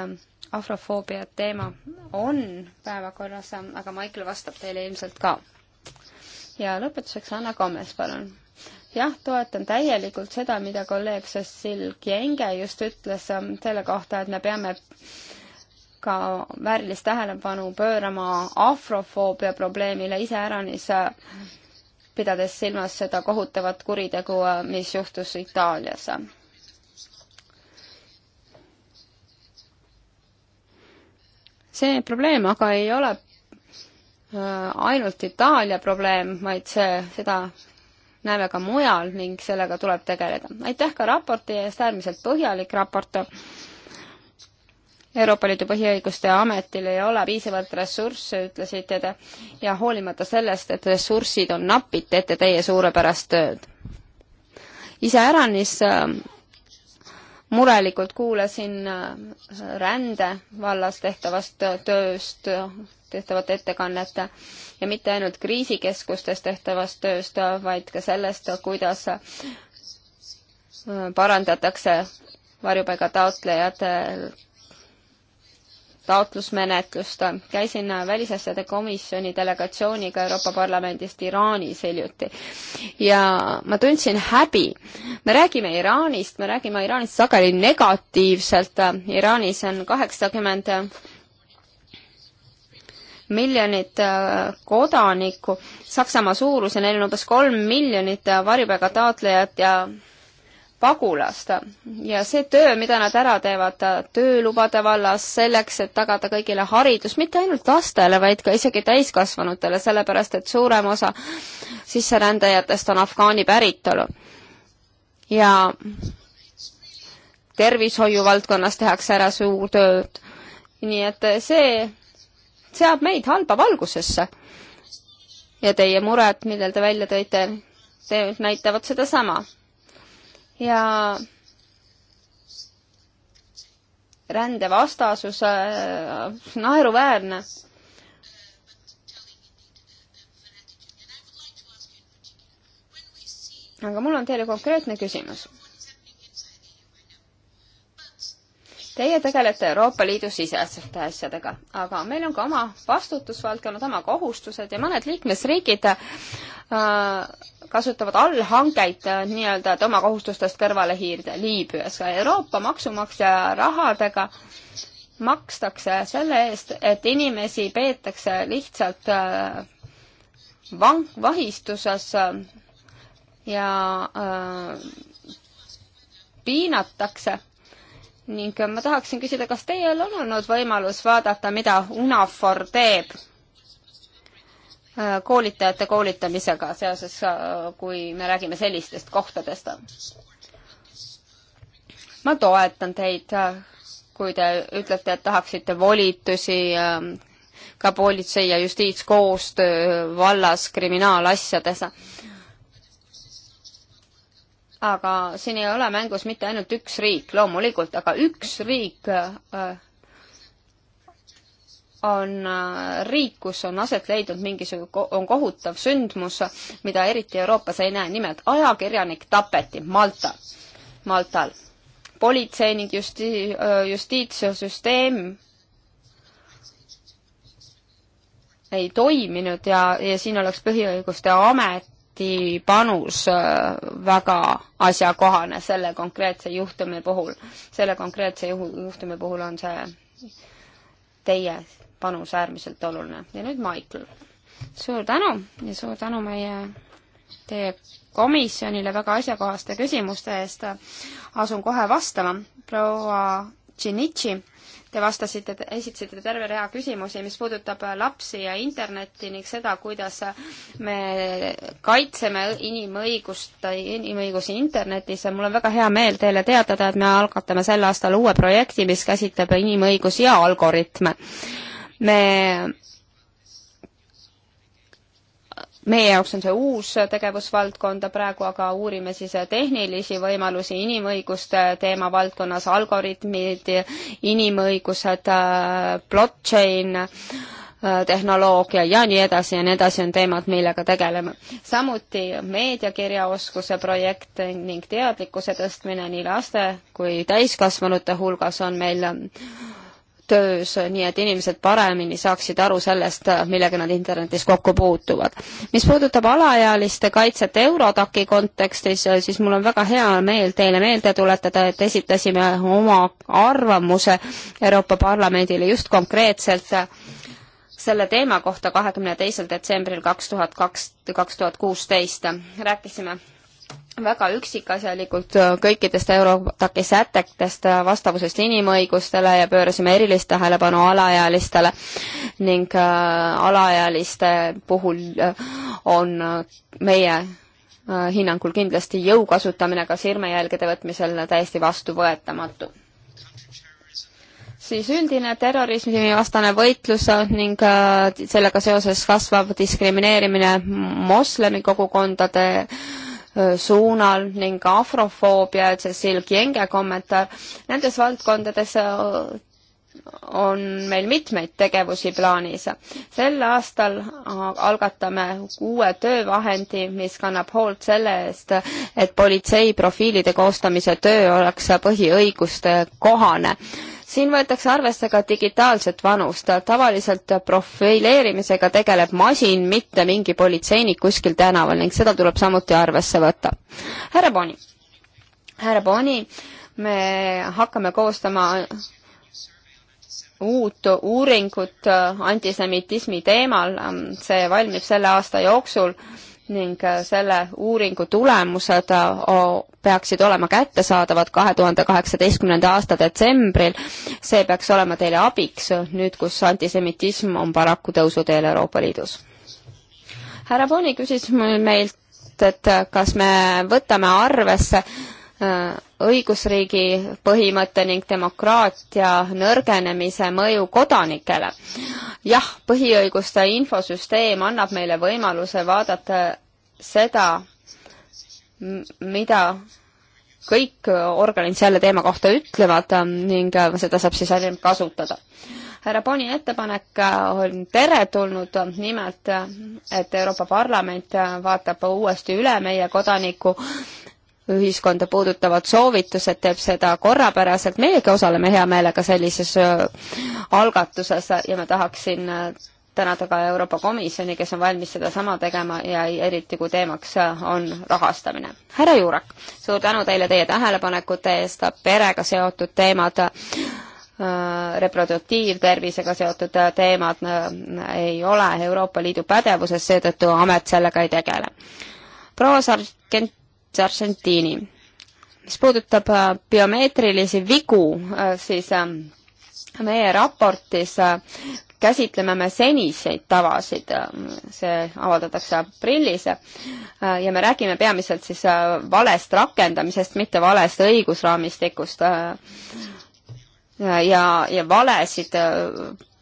afrofoobia teema on päevakorras, aga Maicel vastab teile ilmselt ka ja lõpetuseks Anna Komes, palun. jah, toetan täielikult seda, mida kolleeg Cecil Kienge just ütles ähm, selle kohta, et me peame ka väärilist tähelepanu pöörama afrofoobia probleemile iseäranis, äh, pidades silmas seda kohutavat kuritegu, äh, mis juhtus Itaalias see probleem aga ei ole Äh, ainult Itaalia probleem, vaid see, seda näeme ka mujal ning sellega tuleb tegeleda. aitäh ka raporti eest, äärmiselt põhjalik raport. Euroopa Liidu Põhiõiguste Ametil ei ole piisavalt ressursse, ütlesite te, ja hoolimata sellest, et ressursid on napid, teete teie suurepärast tööd. iseäranis äh, murelikult kuulasin äh, rände vallas tehtavast tööst tehtavat ettekannet ja mitte ainult kriisikeskustes tehtavast tööst, vaid ka sellest, kuidas äh, parandatakse varjupaiga taotlejatel taotlusmenetlust. käisin Välisasjade Komisjoni delegatsiooniga Euroopa Parlamendist Iraanis hiljuti ja ma tundsin häbi. me räägime Iraanist, me räägime Iraanist sageli negatiivselt. Iraanis on kaheksakümmend 80 miljonit äh, kodanikku, Saksamaa suurus ja neil on umbes kolm miljonit äh, varjupaiga taotlejat ja pagulast ja see töö, mida nad ära teevad äh, töölubade vallas selleks, et tagada kõigile haridus, mitte ainult lastele, vaid ka isegi täiskasvanutele, sellepärast et suurem osa sisserändajatest on afgaani päritolu. ja tervishoiu valdkonnas tehakse ära suur tööd. nii et see seab meid halba valgusesse. ja teie mured, millel te välja tõite, te näitavad sedasama. ja rändevastasus äh,, naeruväärne aga mul on teile konkreetne küsimus. Teie tegelete Euroopa Liidu siseste asjadega, aga meil on ka oma vastutusvaldkonnad, oma kohustused ja mõned liikmesriigid äh, kasutavad allhangeid äh, nii-öelda, et oma kohustustest kõrvale hiirida Liibüas. Euroopa maksumaksja rahadega makstakse selle eest, et inimesi peetakse lihtsalt äh, vang-, vahistuses ja äh, piinatakse ning ma tahaksin küsida, kas teil on olnud võimalus vaadata, mida UNAFOR teeb äh, koolitajate koolitamisega seoses, äh, kui me räägime sellistest kohtadest? ma toetan teid, äh, kui te ütlete, et tahaksite volitusi ähm, ka politsei ja justiitskoostöö vallas kriminaalasjades aga siin ei ole mängus mitte ainult üks riik, loomulikult, aga üks riik äh, on äh, riik, kus on aset leidnud mingisugune, on kohutav sündmus, mida eriti Euroopas ei näe, nimelt ajakirjanik tapeti Malta, Maltal. politseinik, justi-, äh, justiitssüsteem ei toiminud ja, ja siin oleks Põhiõiguste Amet parlamendi panus äh, väga asjakohane selle konkreetse juhtumi puhul. selle konkreetse juhu, juhtumi puhul on see teie panus äärmiselt oluline. ja nüüd Maicel. suur tänu ja suur tänu meie, teie komisjonile väga asjakohaste küsimuste eest. asun kohe vastama. proua Tšinitši Te vastasite, esitasite terve rea küsimusi, mis puudutab lapsi ja internetti ning seda, kuidas me kaitseme inimõigust, inimõigusi internetis ja mul on väga hea meel teile teatada, et me algatame sel aastal uue projekti, mis käsitleb inimõigusi ja algoritme. me meie jaoks on see uus tegevusvaldkonda praegu, aga uurime siis tehnilisi võimalusi inimõiguste teema valdkonnas, algoritmid, inimõigused, blockchain, tehnoloogia ja nii edasi ja nii edasi on teemad, millega tegeleme. samuti meediakirjaoskuse projekt ning teadlikkuse tõstmine nii laste kui täiskasvanute hulgas on meil töös, nii et inimesed paremini saaksid aru sellest, millega nad internetis kokku puutuvad. mis puudutab alaealiste kaitset Eurodaki kontekstis, siis mul on väga hea meel teile meelde tuletada, et esitasime oma arvamuse Euroopa Parlamendile just konkreetselt selle teema kohta kahekümne teisel detsembril kaks tuhat kaks, kaks tuhat kuusteist rääkisime väga üksikasjalikult äh, kõikidest Eurotaki sätetest äh, vastavusest inimõigustele ja pöörasime erilist tähelepanu alaealistele ning äh, alaealiste puhul on meie hinnangul kindlasti jõu kasutamine ka sirmejälgede võtmisel täiesti vastuvõetamatu siis üldine terrorismivastane võitlus ning sellega seoses kasvav diskrimineerimine moslemi kogukondade äh, Äh, suunal ning afrofoobia, Cecil Kienge kommentaar, nendes valdkondades äh, on meil mitmeid tegevusi plaanis. sel aastal algatame uue töövahendi, mis kannab hoolt selle eest, et politsei profiilide koostamise töö oleks põhiõiguste kohane siin võetakse arvesse ka digitaalset vanust, tavaliselt profileerimisega tegeleb masin, mitte mingi politseinik kuskil tänaval ning seda tuleb samuti arvesse võtta. härra Boni, härra Boni, me hakkame koostama uut uuringut antisemitismi teemal, see valmib selle aasta jooksul ning äh, selle uuringu tulemused äh, peaksid olema kättesaadavad kahe tuhande kaheksateistkümnenda aasta detsembril. see peaks olema teile abiks nüüd, kus antisemitism on paraku tõusuteel Euroopa Liidus. härra Boni küsis meilt, et kas me võtame arvesse Äh, õigusriigi põhimõtte ning demokraatia nõrgenemise mõju kodanikele. jah, põhiõiguste infosüsteem annab meile võimaluse vaadata seda, mida kõik organid selle teema kohta ütlevad ähm, ning äh, seda saab siis ainult kasutada. härra Boni ettepanek äh, on teretulnud, nimelt et Euroopa Parlament vaatab uuesti üle meie kodaniku ühiskonda puudutavad soovitused, teeb seda korrapäraselt, meiegi osaleme hea meelega sellises algatuses ja ma tahaksin tänada ka Euroopa Komisjoni, kes on valmis sedasama tegema ja eriti kui teemaks on rahastamine. härra Juurak, suur tänu teile teie tähelepanekute eest, perega seotud teemad reproduktiivtervisega seotud teemad ei ole Euroopa Liidu pädevuses, seetõttu amet sellega ei tegele. proua Sargent Sargentini. mis puudutab äh, biomeetrilisi vigu, äh, siis äh, meie raportis käsitleme me seniseid tavasid, see avaldatakse aprillis ja me räägime peamiselt siis valest rakendamisest, mitte valest õigusraamistikust ja, ja valesid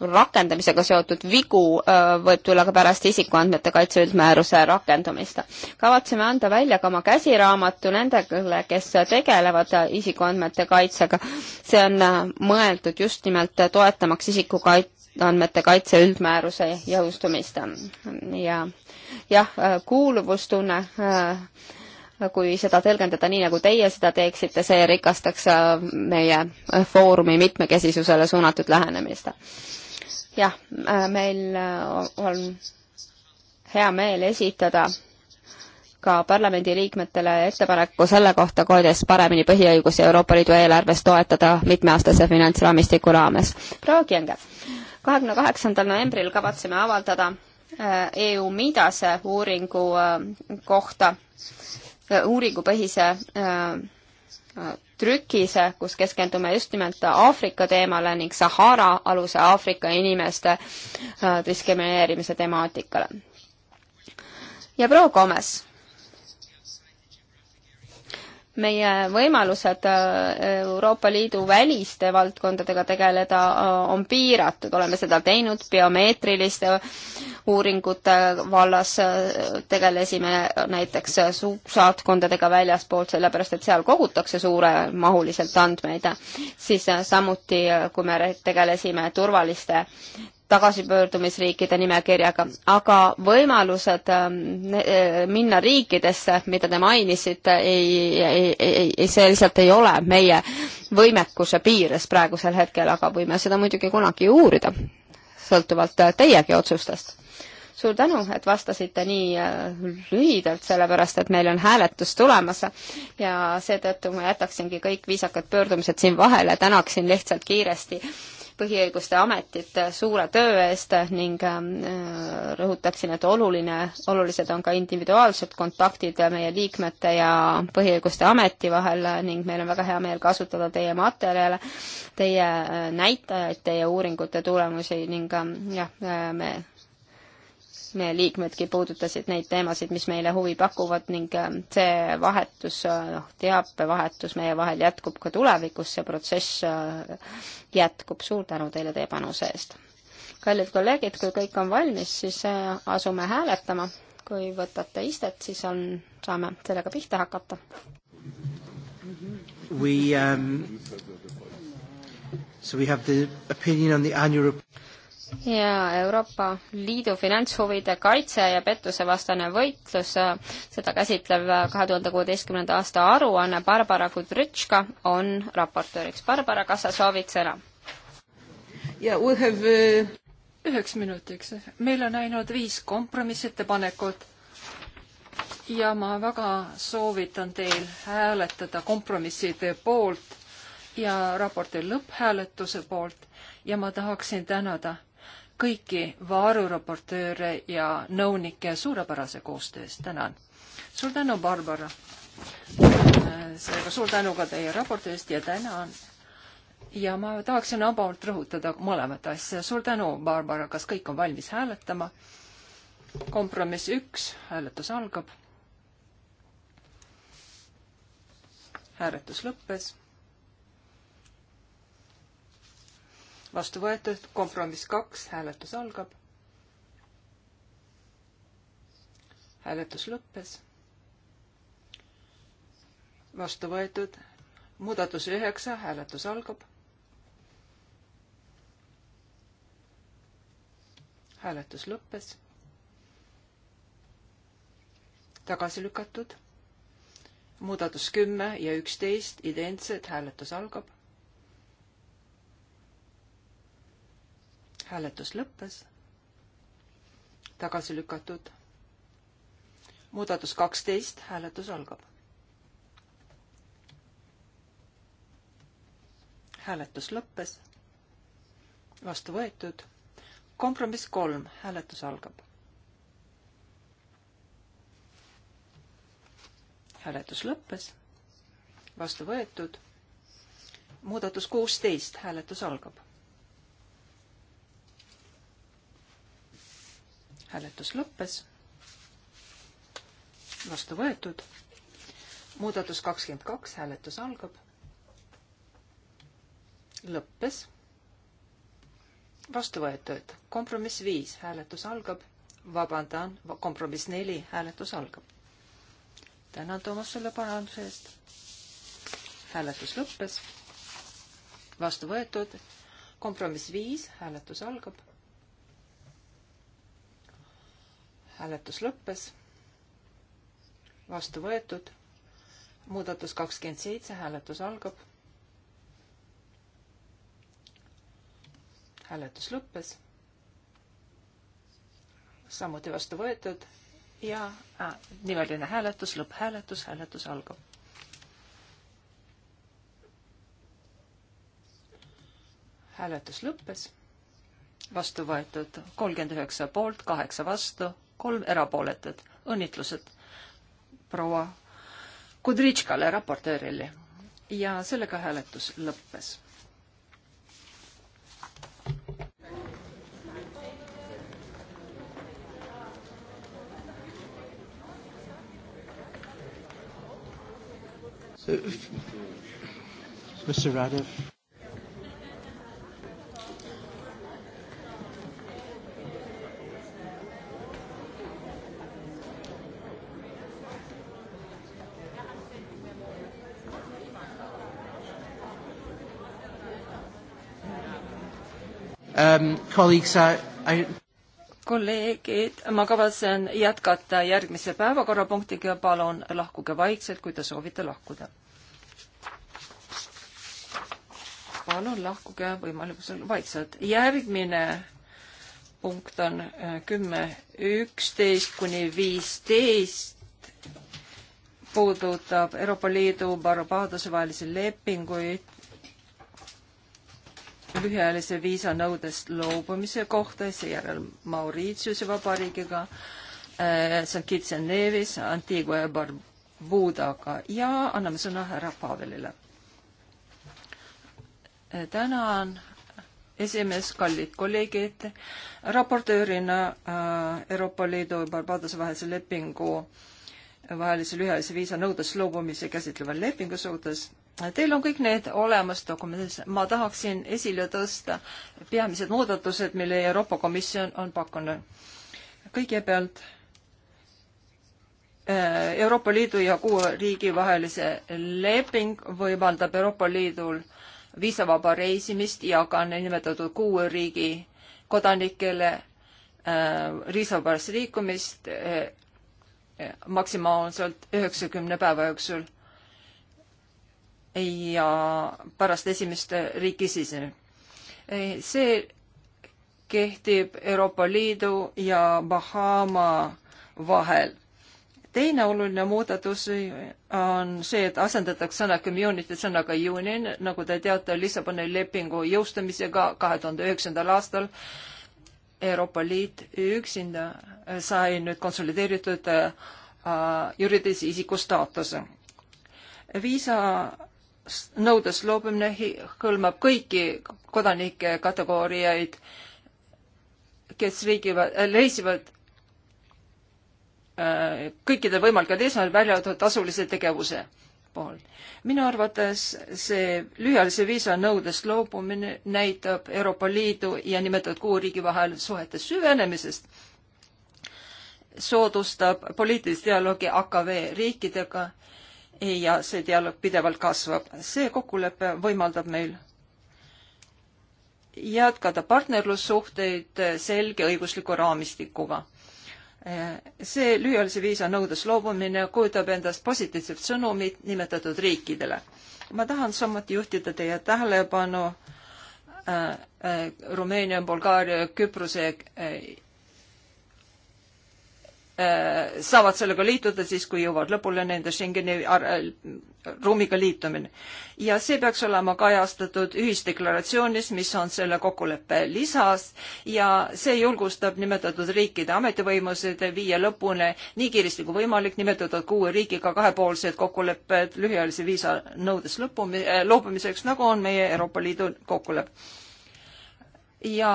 rakendamisega seotud vigu äh, võib tulla ka pärast isikuandmete kaitse üldmääruse rakendumist. kavatseme anda välja ka oma käsiraamatu nendele, kes tegelevad isikuandmete kaitsega. see on äh, mõeldud just nimelt toetamaks isikukait-, andmete kaitse üldmääruse jõustumist. ja jah, äh, kuuluvustunne kui seda tõlgendada nii, nagu teie seda teeksite, see rikastaks meie foorumi mitmekesisusele suunatud lähenemist jah, äh, meil äh, on hea meel esitada ka parlamendiliikmetele ettepaneku selle kohta, kuidas paremini põhiõigusi Euroopa Liidu eelarves toetada mitmeaastase finantsraamistiku raames. proua Kienge, kahekümne kaheksandal novembril kavatseme avaldada äh, EU Midase uuringu kohta, uuringupõhise trükise, kus keskendume just nimelt Aafrika teemale ning Sahara aluse Aafrika inimeste äh, diskrimineerimise temaatikale. ja proua Gomes meie võimalused äh, Euroopa Liidu väliste valdkondadega tegeleda äh, on piiratud, oleme seda teinud biomeetriliste uuringute vallas äh, tegelesime näiteks äh, saatkondadega väljaspoolt, sellepärast et seal kogutakse suuremahuliselt andmeid, siis äh, samuti, kui me tegelesime turvaliste tagasipöördumisriikide nimekirjaga, aga võimalused ähm, minna riikidesse, mida te mainisite, ei, ei, ei, ei, see lihtsalt ei ole meie võimekuse piires praegusel hetkel, aga võime seda muidugi kunagi uurida, sõltuvalt teiegi otsustest suur tänu, et vastasite nii äh, lühidalt, sellepärast et meil on hääletus tulemas ja seetõttu ma jätaksingi kõik viisakad pöördumised siin vahele, tänaksin lihtsalt kiiresti põhiõiguste ametit suure töö eest ning ähm, äh, rõhutaksin, et oluline, olulised on ka individuaalsed kontaktid meie liikmete ja põhiõiguste ameti vahel ning meil on väga hea meel kasutada teie materjale, teie äh, näitajaid, teie uuringute tulemusi ning ähm, jah, me meie liikmedki puudutasid neid teemasid, mis meile huvi pakuvad ning ähm, see vahetus, äh, noh, teabevahetus meie vahel jätkub ka tulevikus, see protsess äh, jätkub. suur tänu teile teie panuse eest. kallid kolleegid, kui kõik on valmis, siis äh, asume hääletama. kui võtate istet, siis on, saame sellega pihta hakata. We um, so we have the opinion on the annual report ja Euroopa Liidu finantshuvide kaitse ja pettusevastane võitlus, seda käsitlev kahe tuhande kuueteistkümnenda aasta aruanne Barbara Kudrytška on raportööriks. Barbara, kas sa soovid sõna? jaa, we have uh, üheks minutiks. meil on ainult viis kompromissettepanekut ja ma väga soovitan teil hääletada kompromisside poolt ja raporti lõpphääletuse poolt ja ma tahaksin tänada kõiki varuraportööre ja nõunikke suurepärase koostöö eest, tänan. suur tänu, Barbara. Äh, seega suur tänu ka teie raporti eest ja tänan. ja ma tahaksin vabalt rõhutada mõlemat asja. suur tänu, Barbara, kas kõik on valmis hääletama? kompromiss üks, hääletus algab. hääletus lõppes vastu võetud, kompromiss kaks, hääletus algab. hääletus lõppes. vastu võetud, muudatus üheksa, hääletus algab. hääletus lõppes. tagasi lükatud muudatus kümme ja üksteist identsed, hääletus algab. hääletus lõppes. tagasi lükatud. muudatus kaksteist, hääletus algab. hääletus lõppes. vastu võetud. kompromiss kolm, hääletus algab. hääletus lõppes. vastu võetud. muudatus kuusteist, hääletus algab hääletus lõppes. vastu võetud. muudatus kakskümmend kaks, hääletus algab. lõppes. vastu võetud. kompromiss viis, hääletus algab. vabandan, kompromiss neli, hääletus algab. tänan, Toomas, selle paranduse eest. hääletus lõppes. vastu võetud. kompromiss viis, hääletus algab hääletus lõppes. vastu võetud. muudatus kakskümmend seitse, hääletus algab. hääletus lõppes. samuti vastu võetud ja äh, nimeline hääletus, lõpphääletus, hääletus algab. hääletus lõppes vastu võetud kolmkümmend üheksa poolt, kaheksa vastu, kolm erapooletut. õnnitlused proua Kudritškale, raportöörile. ja sellega hääletus lõppes Mr. Radev. colleagues, I... kolleegid, ma kavatsen jätkata järgmise päevakorrapunktiga, palun lahkuge vaikselt, kui te soovite lahkuda. palun lahkuge võimalusel vaikselt. järgmine punkt on äh, kümme, üksteist kuni viisteist puudutab Euroopa Liidu Barbadose vahelisi lepinguid lühiajalise viisanõudest loobumise kohta, seejärel Mauritiuse vabariigiga, äh, St Kitts and Nevis, Antigua ja Barbudaga ja anname sõna härra Pavelile. Äh, tänan esimees, kallid kolleegid, raportöörina äh, Euroopa Liidu ja Barbadose vahelise lepingu vahelise lühiajalise viisa nõudest loobumise käsitleva lepingu suhtes Teil on kõik need olemas dokumendis. ma tahaksin esile tõsta peamised muudatused, mille Euroopa Komisjon on pakkunud. kõigepealt äh, Euroopa Liidu ja kuue riigi vahelise leping võimaldab Euroopa Liidul viisavaba reisimist ja ka nimetatud kuue riigi kodanikele äh, viisavabast liikumist äh, maksimaalselt üheksakümne päeva jooksul ja pärast esimest riiki sisene. see kehtib Euroopa Liidu ja Bahama vahel. teine oluline muudatus on see, et asendatakse sõna community sõnaga union, nagu te teate, Lissaboni lepingu jõustamisega kahe tuhande üheksandal aastal Euroopa Liit üksinda sai nüüd konsolideeritud äh, juriidilise isiku staatuse. viisa nõudest loobumine hõlmab kõiki kodanike kategooriaid, kes riigivad, reisivad äh, äh, kõikidel võimalikel eesmärkidel, välja arvatud tasulise tegevuse pool. minu arvates see lühiajalise viisa nõudest loobumine näitab Euroopa Liidu ja nimetatud kuue riigi vahel suhete süvenemisest, soodustab poliitilist dialoogi AKV riikidega äh, ja see dialoog pidevalt kasvab. see kokkulepe võimaldab meil jätkada partnerlussuhteid selge õigusliku raamistikuga. see lühiajalise viisa nõudes loobumine kujutab endast positiivset sõnumit nimetatud riikidele. ma tahan samuti juhtida teie tähelepanu äh, äh, Rumeenia, Bulgaaria, Küprose äh, Äh, saavad sellega liituda siis, kui jõuavad lõpule nende Schengeni äh, ruumiga liitumine. ja see peaks olema kajastatud ühisdeklaratsioonis, mis on selle kokkuleppe lisas ja see julgustab nimetatud riikide ametivõimusid viia lõpuni nii kiiresti kui võimalik nimetatud kuue riigiga kahepoolsed kokkulepped lühiajalise viisa nõudes lõpumi- eh,, loobumiseks, nagu on meie Euroopa Liidu kokkulepe. ja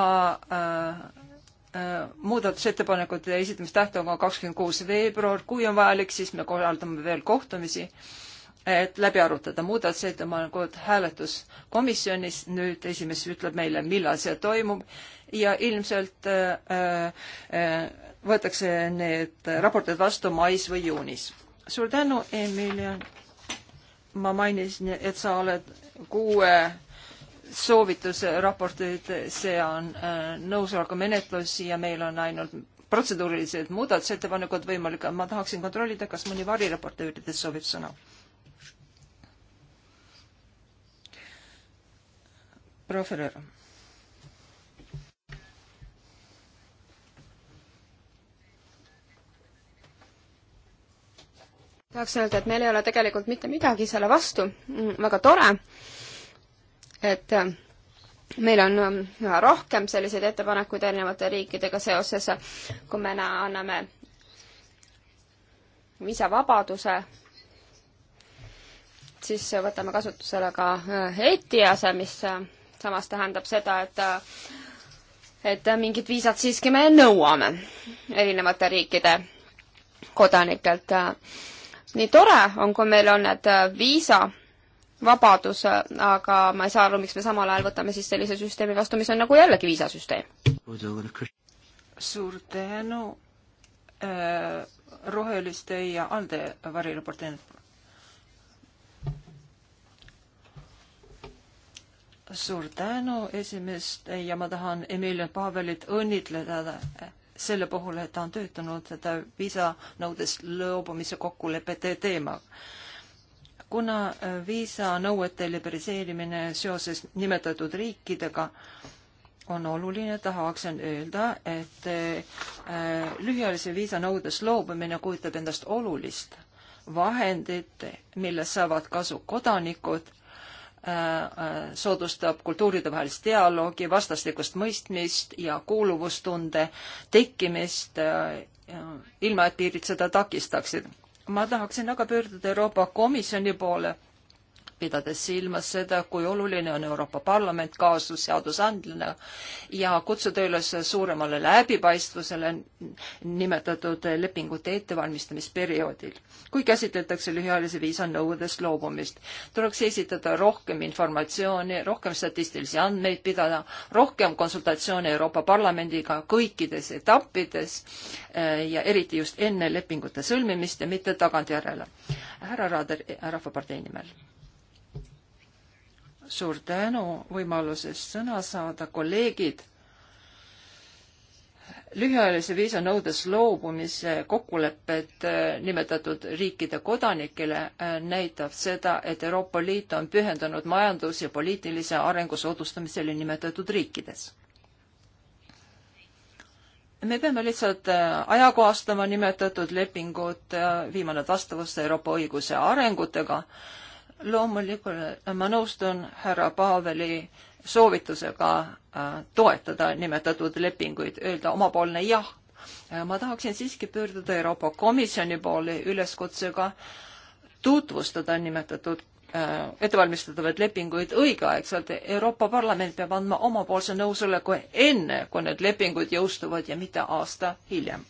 äh, Äh, muudatusettepanekute esitamise tähtaeg on kakskümmend kuus veebruar, kui on vajalik, siis me korraldame veel kohtumisi, et läbi arutada muudatusettepanekud hääletuskomisjonis. nüüd esimees ütleb meile, millal see toimub ja ilmselt äh, äh, võetakse need raportid vastu mais või juunis. suur tänu, Emilia. ma mainisin, et sa oled kuue soovitus raportid, see on äh, nõusoleku menetlus ja meil on ainult protseduurilised muudatusettepanekud võimalik. ma tahaksin kontrollida, kas mõni variraportööridest soovib sõna. professor. tahaks öelda, et meil ei ole tegelikult mitte midagi selle vastu, mm, väga tore et äh, meil on ähm, üha rohkem selliseid ettepanekuid erinevate riikidega seoses, kui me anname viisavabaduse, siis võtame kasutusele ka ETIAS-e, äh, mis äh, samas tähendab seda, et et mingit viisat siiski me nõuame erinevate riikide kodanikelt. nii tore on, kui meil on need viisa vabadus, aga ma ei saa aru, miks me samal ajal võtame siis sellise süsteemi vastu, mis on nagu jällegi viisasüsteem. suur tänu äh, roheliste ja ALDE varireporteer. suur tänu esimest ja ma tahan Emilia Pavelit õnnitleda äh, selle puhul, et ta on töötanud seda viisanõudest loobumise kokkulepete teemaga kuna äh, viisanõuete liberaliseerimine seoses nimetatud riikidega on oluline, tahaksin öelda, et äh, lühiajalise viisanõudest loobumine kujutab endast olulist vahendit, millest saavad kasu kodanikud äh, äh,, soodustab kultuuridevahelist dialoogi, vastastikust mõistmist ja kuuluvustunde tekkimist äh,, ilma et piirid seda takistaksid ma tahaksin aga pöörduda Euroopa Komisjoni poole pidades silmas seda, kui oluline on Euroopa Parlament kaasusseadusandlane ja kutsuda üles suuremale läbipaistvusele nimetatud lepingute ettevalmistamisperioodil. kui käsitletakse lühiajalise viisa nõudest loobumist, tuleks esitada rohkem informatsiooni, rohkem statistilisi andmeid pidada, rohkem konsultatsioone Euroopa Parlamendiga kõikides etappides eh, ja eriti just enne lepingute sõlmimist ja mitte tagantjärele. härra Raader eh, Rahvapartei nimel suur tänu võimalusest sõna saada, kolleegid. lühiajalise viisa nõudes loobumise kokkulepped äh, nimetatud riikide kodanikele äh, näitab seda, et Euroopa Liit on pühendunud majandus- ja poliitilise arengu soodustamisele nimetatud riikides. me peame lihtsalt äh, ajakohastama nimetatud lepingud, viima nad vastavusse Euroopa õiguse arengutega loomulikult ma nõustun härra Paaveli soovitusega äh, toetada nimetatud lepinguid, öelda omapoolne jah. Äh, ma tahaksin siiski pöörduda Euroopa Komisjoni poole üleskutsega tutvustada nimetatud äh, ettevalmistatavaid lepinguid õigeaegselt. Euroopa Parlament peab andma omapoolse nõusoleku enne, kui need lepingud jõustuvad ja mitte aasta hiljem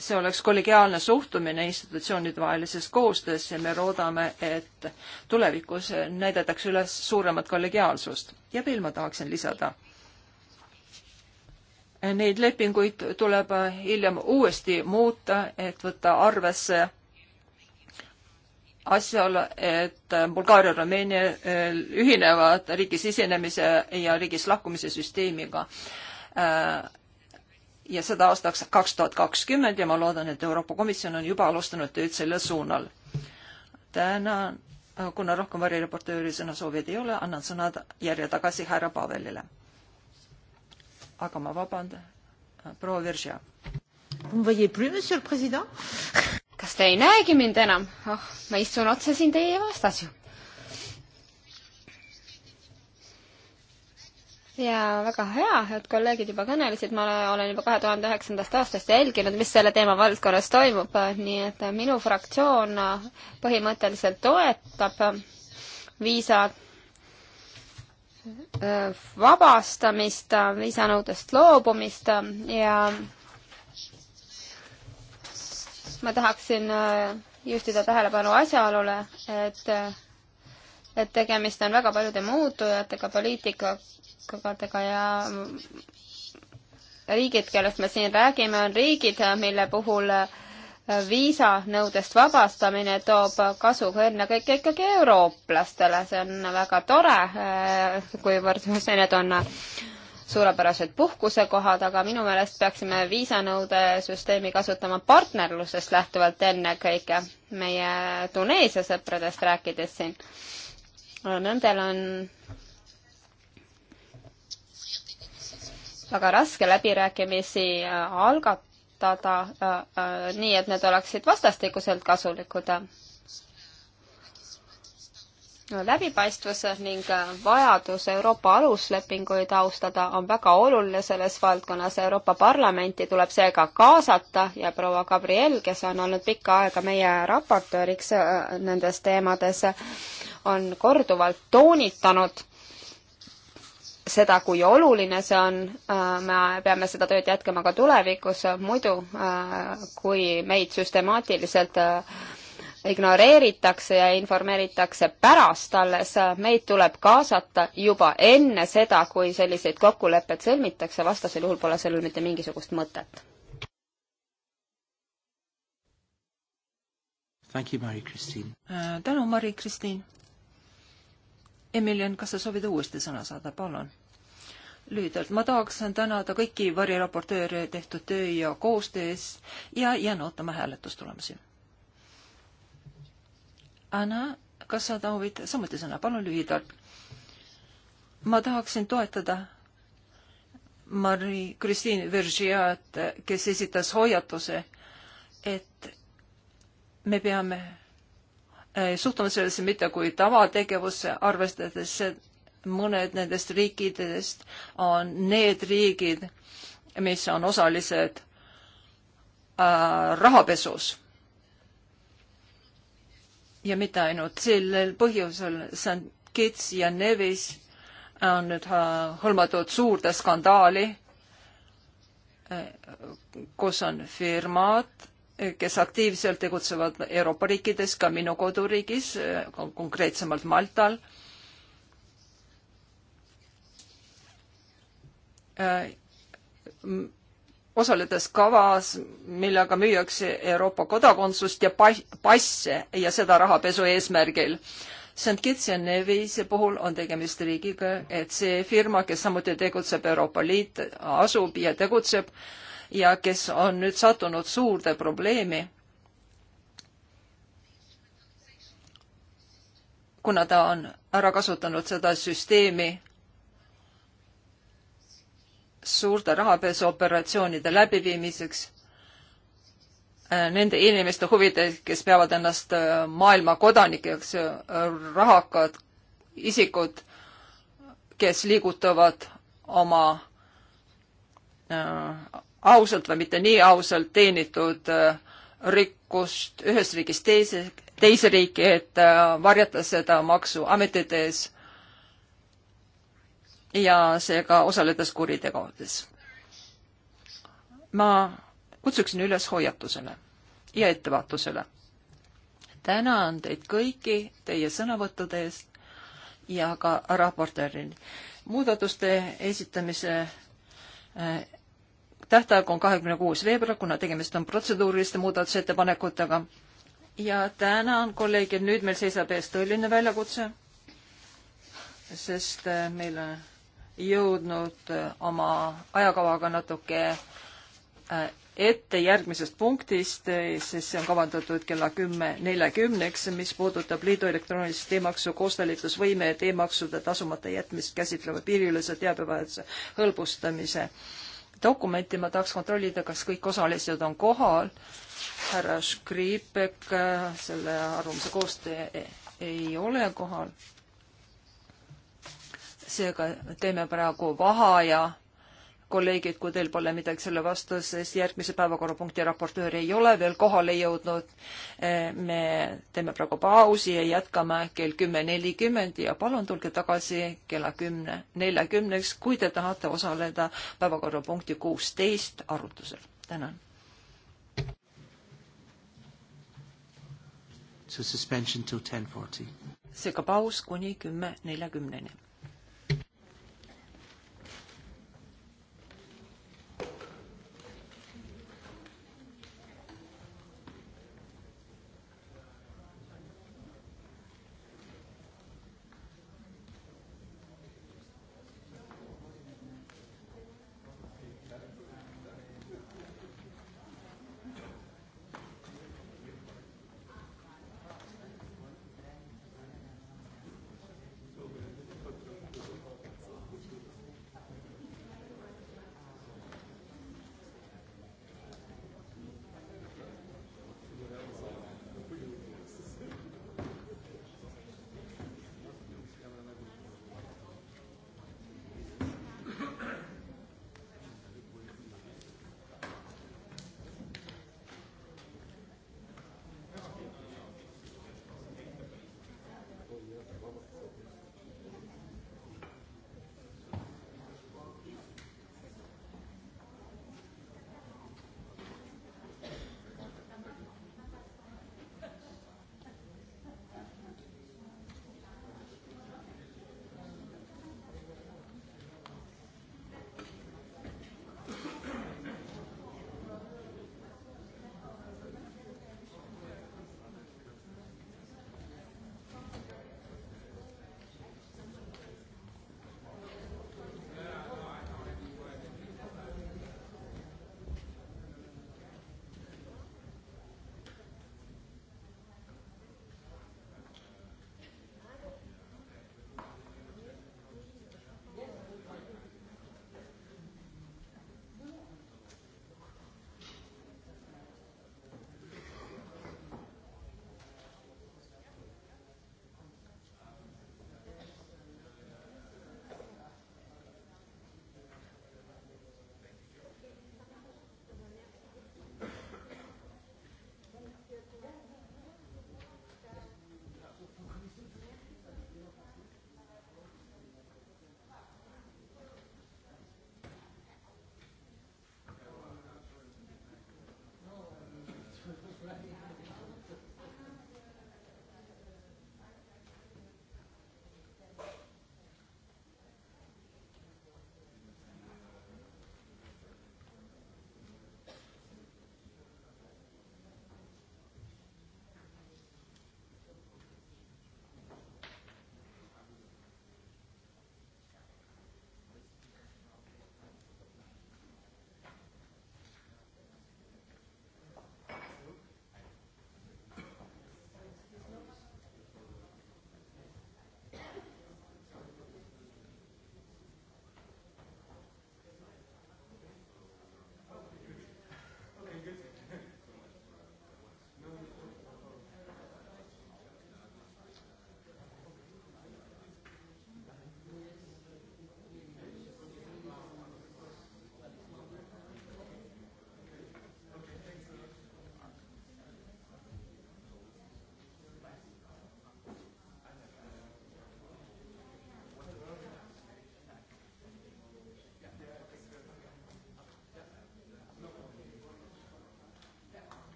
see oleks kollegiaalne suhtumine institutsioonide vahelises koostöös ja me loodame, et tulevikus näidatakse üles suuremat kollegiaalsust. ja veel ma tahaksin lisada. Neid lepinguid tuleb hiljem uuesti muuta, et võtta arvesse asjaolu, et Bulgaaria ja Rumeenia eh, ühinevad riigi sisenemise ja riigist lahkumise süsteemiga eh, ja seda aastaks kaks tuhat kakskümmend ja ma loodan, et Euroopa Komisjon on juba alustanud tööd sellel suunal. tänan, kuna rohkem varireportööri sõnasoovijaid ei ole, annan sõna järje tagasi härra Pavelile. aga ma vabandan, proua Viržja. kas te ei näegi mind enam? oh, ma istun otse siin teie vastas ju ja väga hea, head kolleegid juba kõnelesid, ma olen juba kahe tuhande üheksandast aastast jälginud, mis selle teema valdkonnas toimub, nii et minu fraktsioon põhimõtteliselt toetab viisa äh, vabastamist, viisanõudest loobumist ja ma tahaksin äh, juhtida tähelepanu asjaolule, et äh, et tegemist on väga paljude muutujatega poliitika palkadega ja riigid, kellest me siin räägime, on riigid, mille puhul äh, viisanõudest vabastamine toob kasu ennekõike ikkagi eurooplastele, see on väga tore, äh, kuivõrd need on suurepärased puhkusekohad, aga minu meelest peaksime viisanõude süsteemi kasutama partnerlusest lähtuvalt ennekõike, meie Tuneesia sõpradest rääkides siin. Nendel on väga raske läbirääkimisi äh, algatada äh, äh, nii, et need oleksid vastastikuselt kasulikud. läbipaistvus ning vajadus Euroopa aluslepinguid austada on väga oluline selles valdkonnas. Euroopa Parlamenti tuleb seega kaasata ja proua Gabriel, kes on olnud pikka aega meie raportööriks nendes teemades, on korduvalt toonitanud seda, kui oluline see on, äh, me peame seda tööd jätkama ka tulevikus, muidu äh, kui meid süstemaatiliselt äh, ignoreeritakse ja informeeritakse pärast alles, meid tuleb kaasata juba enne seda, kui selliseid kokkuleppeid sõlmitakse, vastasel juhul pole sellel mitte mingisugust mõtet. tänu, Mari-Kristiin. Emilian, kas sa soovid uuesti sõna saada, palun? lühidalt. ma tahaksin tänada kõiki variraportööre tehtud töö ja koostöö eest ja jään ootama hääletustulemusi. Anna, kas sa soovid samuti sõna? palun lühidalt. ma tahaksin toetada Marie-Christine Vergiat, kes esitas hoiatuse, et me peame eh, suhtuma sellesse mitte kui tavategevusse, arvestades mõned nendest riikidest on need riigid, mis on osalised äh, rahapesus. ja mitte ainult sellel põhjusel, St Kitts ja Nevis on nüüd äh, hõlmatud suurde skandaali, äh, kus on firmad, kes aktiivselt tegutsevad Euroopa riikides, ka minu koduriigis, äh, konkreetsemalt Maltal Äh, osaledes kavas, millega müüakse Euroopa kodakondsust ja passe ja seda rahapesu eesmärgil. St Kitsi ja Nevise puhul on tegemist riigiga, et see firma, kes samuti tegutseb Euroopa Liit, asub ja tegutseb ja kes on nüüd sattunud suurde probleemi, kuna ta on ära kasutanud seda süsteemi suurte rahapesuoperatsioonide läbiviimiseks äh, nende inimeste huvides, kes peavad ennast äh, maailma kodanikeks, äh, rahakad isikud, kes liigutavad oma ausalt või mitte nii ausalt teenitud rikkust ühest riigist teise, teise riiki, et varjata seda maksuametite ees ja seega osaledes kuritegudes. ma kutsuksin üles hoiatusele ja ettevaatusele. tänan teid kõiki teie sõnavõttude eest ja ka raportööril. muudatuste esitamise äh, tähtaeg on kahekümne kuues veebruar, kuna tegemist on protseduuriliste muudatusettepanekutega. ja tänan kolleegid, nüüd meil seisab ees tõeline väljakutse, sest äh, meil on jõudnud äh, oma ajakavaga natuke äh, ette järgmisest punktist, äh, sest see on kavandatud kella kümme neljakümneks, mis puudutab liidu elektroonilise teemaksu koostalitusvõime ja teemaksude tasumata jätmist käsitleva piiriülese teabevahetuse hõlbustamise dokumenti. ma tahaks kontrollida, kas kõik osalised on kohal. härra Škripek, selle arvamuse koostaja ei ole kohal seega teeme praegu vaheaja. kolleegid, kui teil pole midagi selle vastu, sest järgmise päevakorrapunkti raportööri ei ole veel kohale jõudnud. Eh, me teeme praegu pausi ja jätkame kell kümme nelikümmend ja palun tulge tagasi kella kümne neljakümneks, kui te tahate osaleda päevakorrapunkti kuusteist arutlusel. tänan so suspension till 10.40. seega paus kuni kümme neljakümneni.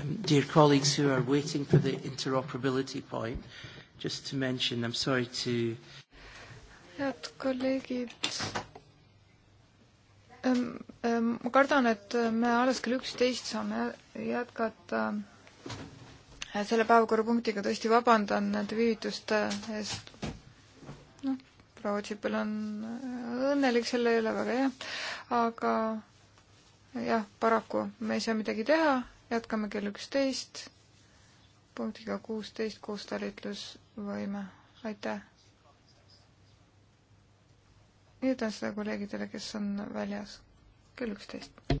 Um, dear colleagues who are waiting for the interoperability point, just to mention, I'm sorry to head kolleegid ähm,, ähm, ma kardan, et me alles kell üksteist saame jätkata selle päevakorrapunktiga, tõesti vabandan nende viivituste eest. noh, proua Otsipel on äh, õnnelik selle üle, väga hea, aga jah, paraku me ei saa midagi teha jätkame kell üksteist punktiga kuusteist koostalitlusvõime. aitäh! nüüd on seda kolleegidele, kes on väljas kell üksteist.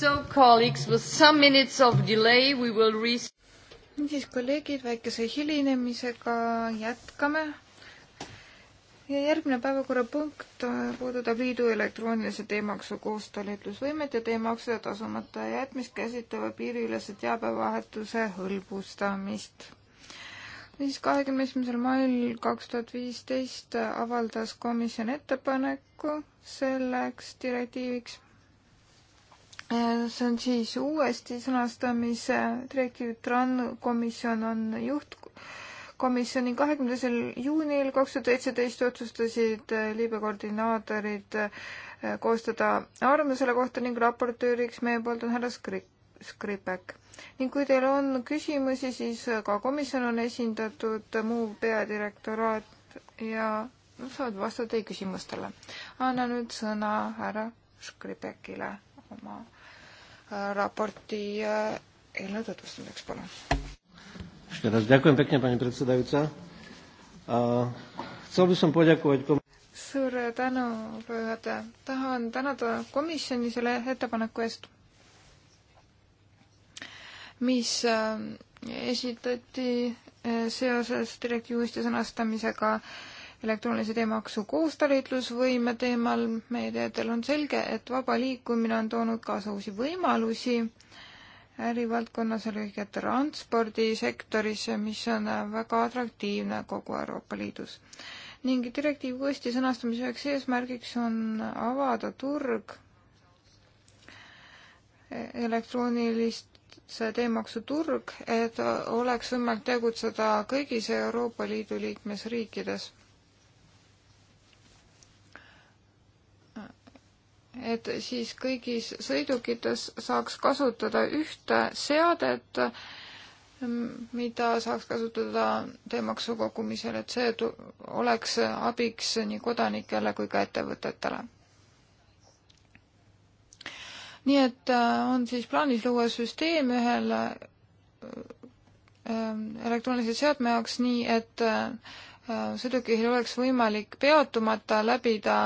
So colleagues, with some minutes of delay we will re- niisiis, kolleegid, väikese hilinemisega jätkame. ja järgmine päevakorrapunkt äh, puudutab liidu elektroonilise teemaksu koostalitlusvõimet ja teemaksu ja tasumata jätmist käsitleva piiriülese teabevahetuse hõlbustamist siis kahekümne esimesel mail kaks tuhat viisteist avaldas komisjon ettepaneku selleks direktiiviks Äh, see on siis uuesti sõnastamise direktiiv TRAN komisjon on juht komisjoni kahekümnendasel juunil kaks tuhat seitseteist otsustasid äh, liibe koordinaatorid äh, koostada arvamuse selle kohta ning raportööriks meie poolt on härra Skri-, Skripek. ning kui teil on küsimusi, siis ka komisjon on esindatud, muu peadirektoraat ja nad saavad vastata teie küsimustele. annan nüüd sõna härra Skripekile oma äh, raporti äh, eelnõu tutvustamiseks, palun. suur tänu, juhataja. tahan tänada komisjoni selle ettepaneku eest, mis äh, esitati seoses direktiiviste sõnastamisega äh, elektroonilise teemaksu koostalitlusvõime teemal meie teedel on selge, et vaba liikumine on toonud kaasa uusi võimalusi ärivaldkonnas, eelkõige transpordisektoris, mis on väga atraktiivne kogu Euroopa Liidus. ning direktiivi uuesti sõnastamise üheks eesmärgiks on avada turg elektroonilise teemaksu turg, et oleks võimalik tegutseda kõigis Euroopa Liidu liikmesriikides et siis kõigis sõidukites saaks kasutada ühte seadet, mida saaks kasutada teemaksu kogumisel, et see oleks abiks nii kodanikele kui ka ettevõtetele. nii et äh, on siis plaanis luua süsteem ühele äh, elektroonilise seadme jaoks nii, et äh, sõidukijuhil oleks võimalik peatumata läbida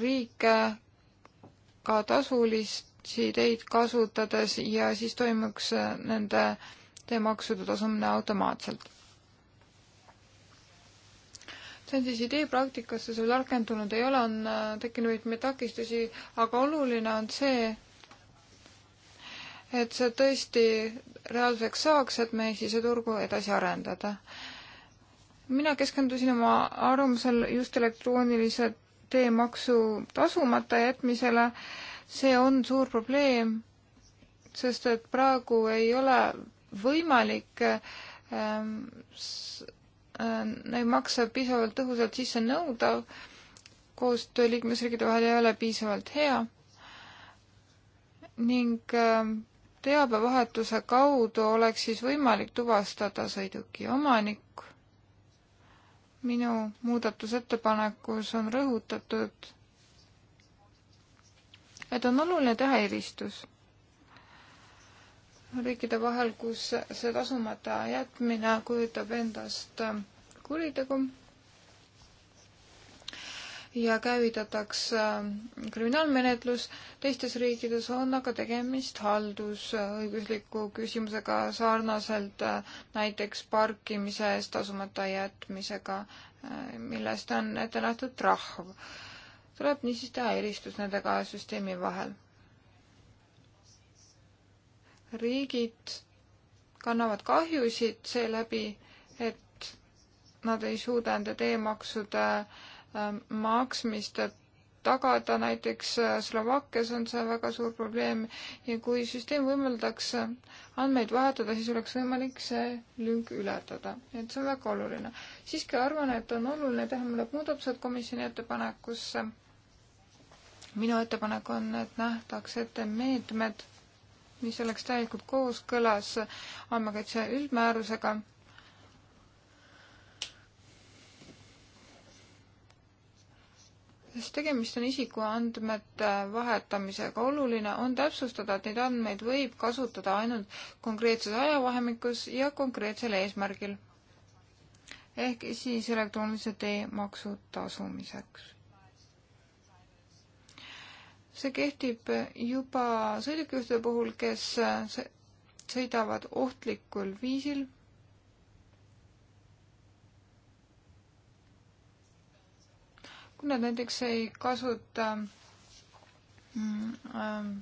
riike, ka tasulisi teid kasutades ja siis toimuks nende teemaksude tasumine automaatselt. see on siis idee praktikasse, see rakendunud ei ole, on äh, tekkinud mitmeid takistusi, aga oluline on see, et see tõesti reaalsuseks saaks, et meie siseturgu edasi arendada mina keskendusin oma arvamusel just elektroonilise teemaksu tasumata jätmisele. see on suur probleem, sest et praegu ei ole võimalik ähm, äh, neid makse piisavalt tõhusalt sisse nõuda. koostöö liikmesriikide vahel ei ole piisavalt hea ning äh, teabevahetuse kaudu oleks siis võimalik tuvastada sõiduki omanikku minu muudatusettepanekus on rõhutatud, et on oluline teha eristus riikide vahel, kus see tasumata jätmine kujutab endast kuritegu ja käivitatakse äh, kriminaalmenetlus. teistes riikides on aga tegemist haldusõigusliku küsimusega sarnaselt äh, näiteks parkimise eest tasumata jätmisega, äh, millest on ette nähtud trahv. tuleb niisiis teha eristus nende kahe süsteemi vahel. riigid kannavad kahjusid seeläbi, et nad ei suuda enda teemaksude äh, Ähm, maksmist tagada, näiteks äh, Slovakkias on see väga suur probleem ja kui süsteem võimaldaks äh, andmeid vahetada, siis oleks võimalik see lünk ületada, et see on väga oluline. siiski arvan, et on oluline teha mõned muudatused komisjoni ettepanekusse. minu ettepanek on, et nähtaks ette meetmed, mis oleks täielikult kooskõlas andmekaitse üldmäärusega sest tegemist on isikuandmete vahetamisega. oluline on täpsustada, et neid andmeid võib kasutada ainult konkreetses ajavahemikus ja konkreetsel eesmärgil. ehk siis elektroonilise tee maksu tasumiseks. see kehtib juba sõidukijuhtide puhul, kes sõidavad ohtlikul viisil kui nad näiteks ei kasuta mm, ähm,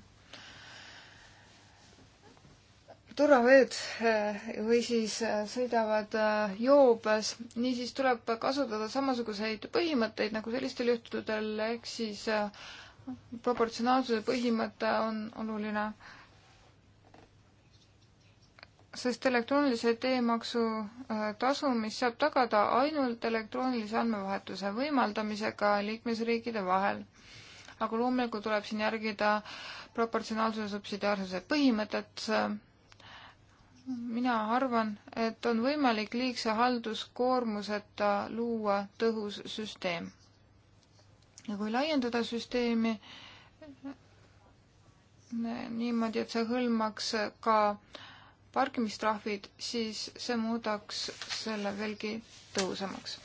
turvavööd äh, või siis äh, sõidavad äh, joobes, niisiis tuleb kasutada samasuguseid põhimõtteid nagu sellistel juhtudel, ehk siis äh, proportsionaalsuse põhimõte on oluline äh, sest elektroonilise teemaksu äh, tasumist saab tagada ainult elektroonilise andmevahetuse võimaldamisega liikmesriikide vahel. aga loomulikult tuleb siin järgida proportsionaalsuse subsidiaarsuse põhimõtet. mina arvan, et on võimalik liigse halduskoormuseta luua tõhus süsteem. ja kui laiendada süsteemi niimoodi, et see hõlmaks ka äh, parkimistrahvid, siis see muudaks selle veelgi tõhusamaks.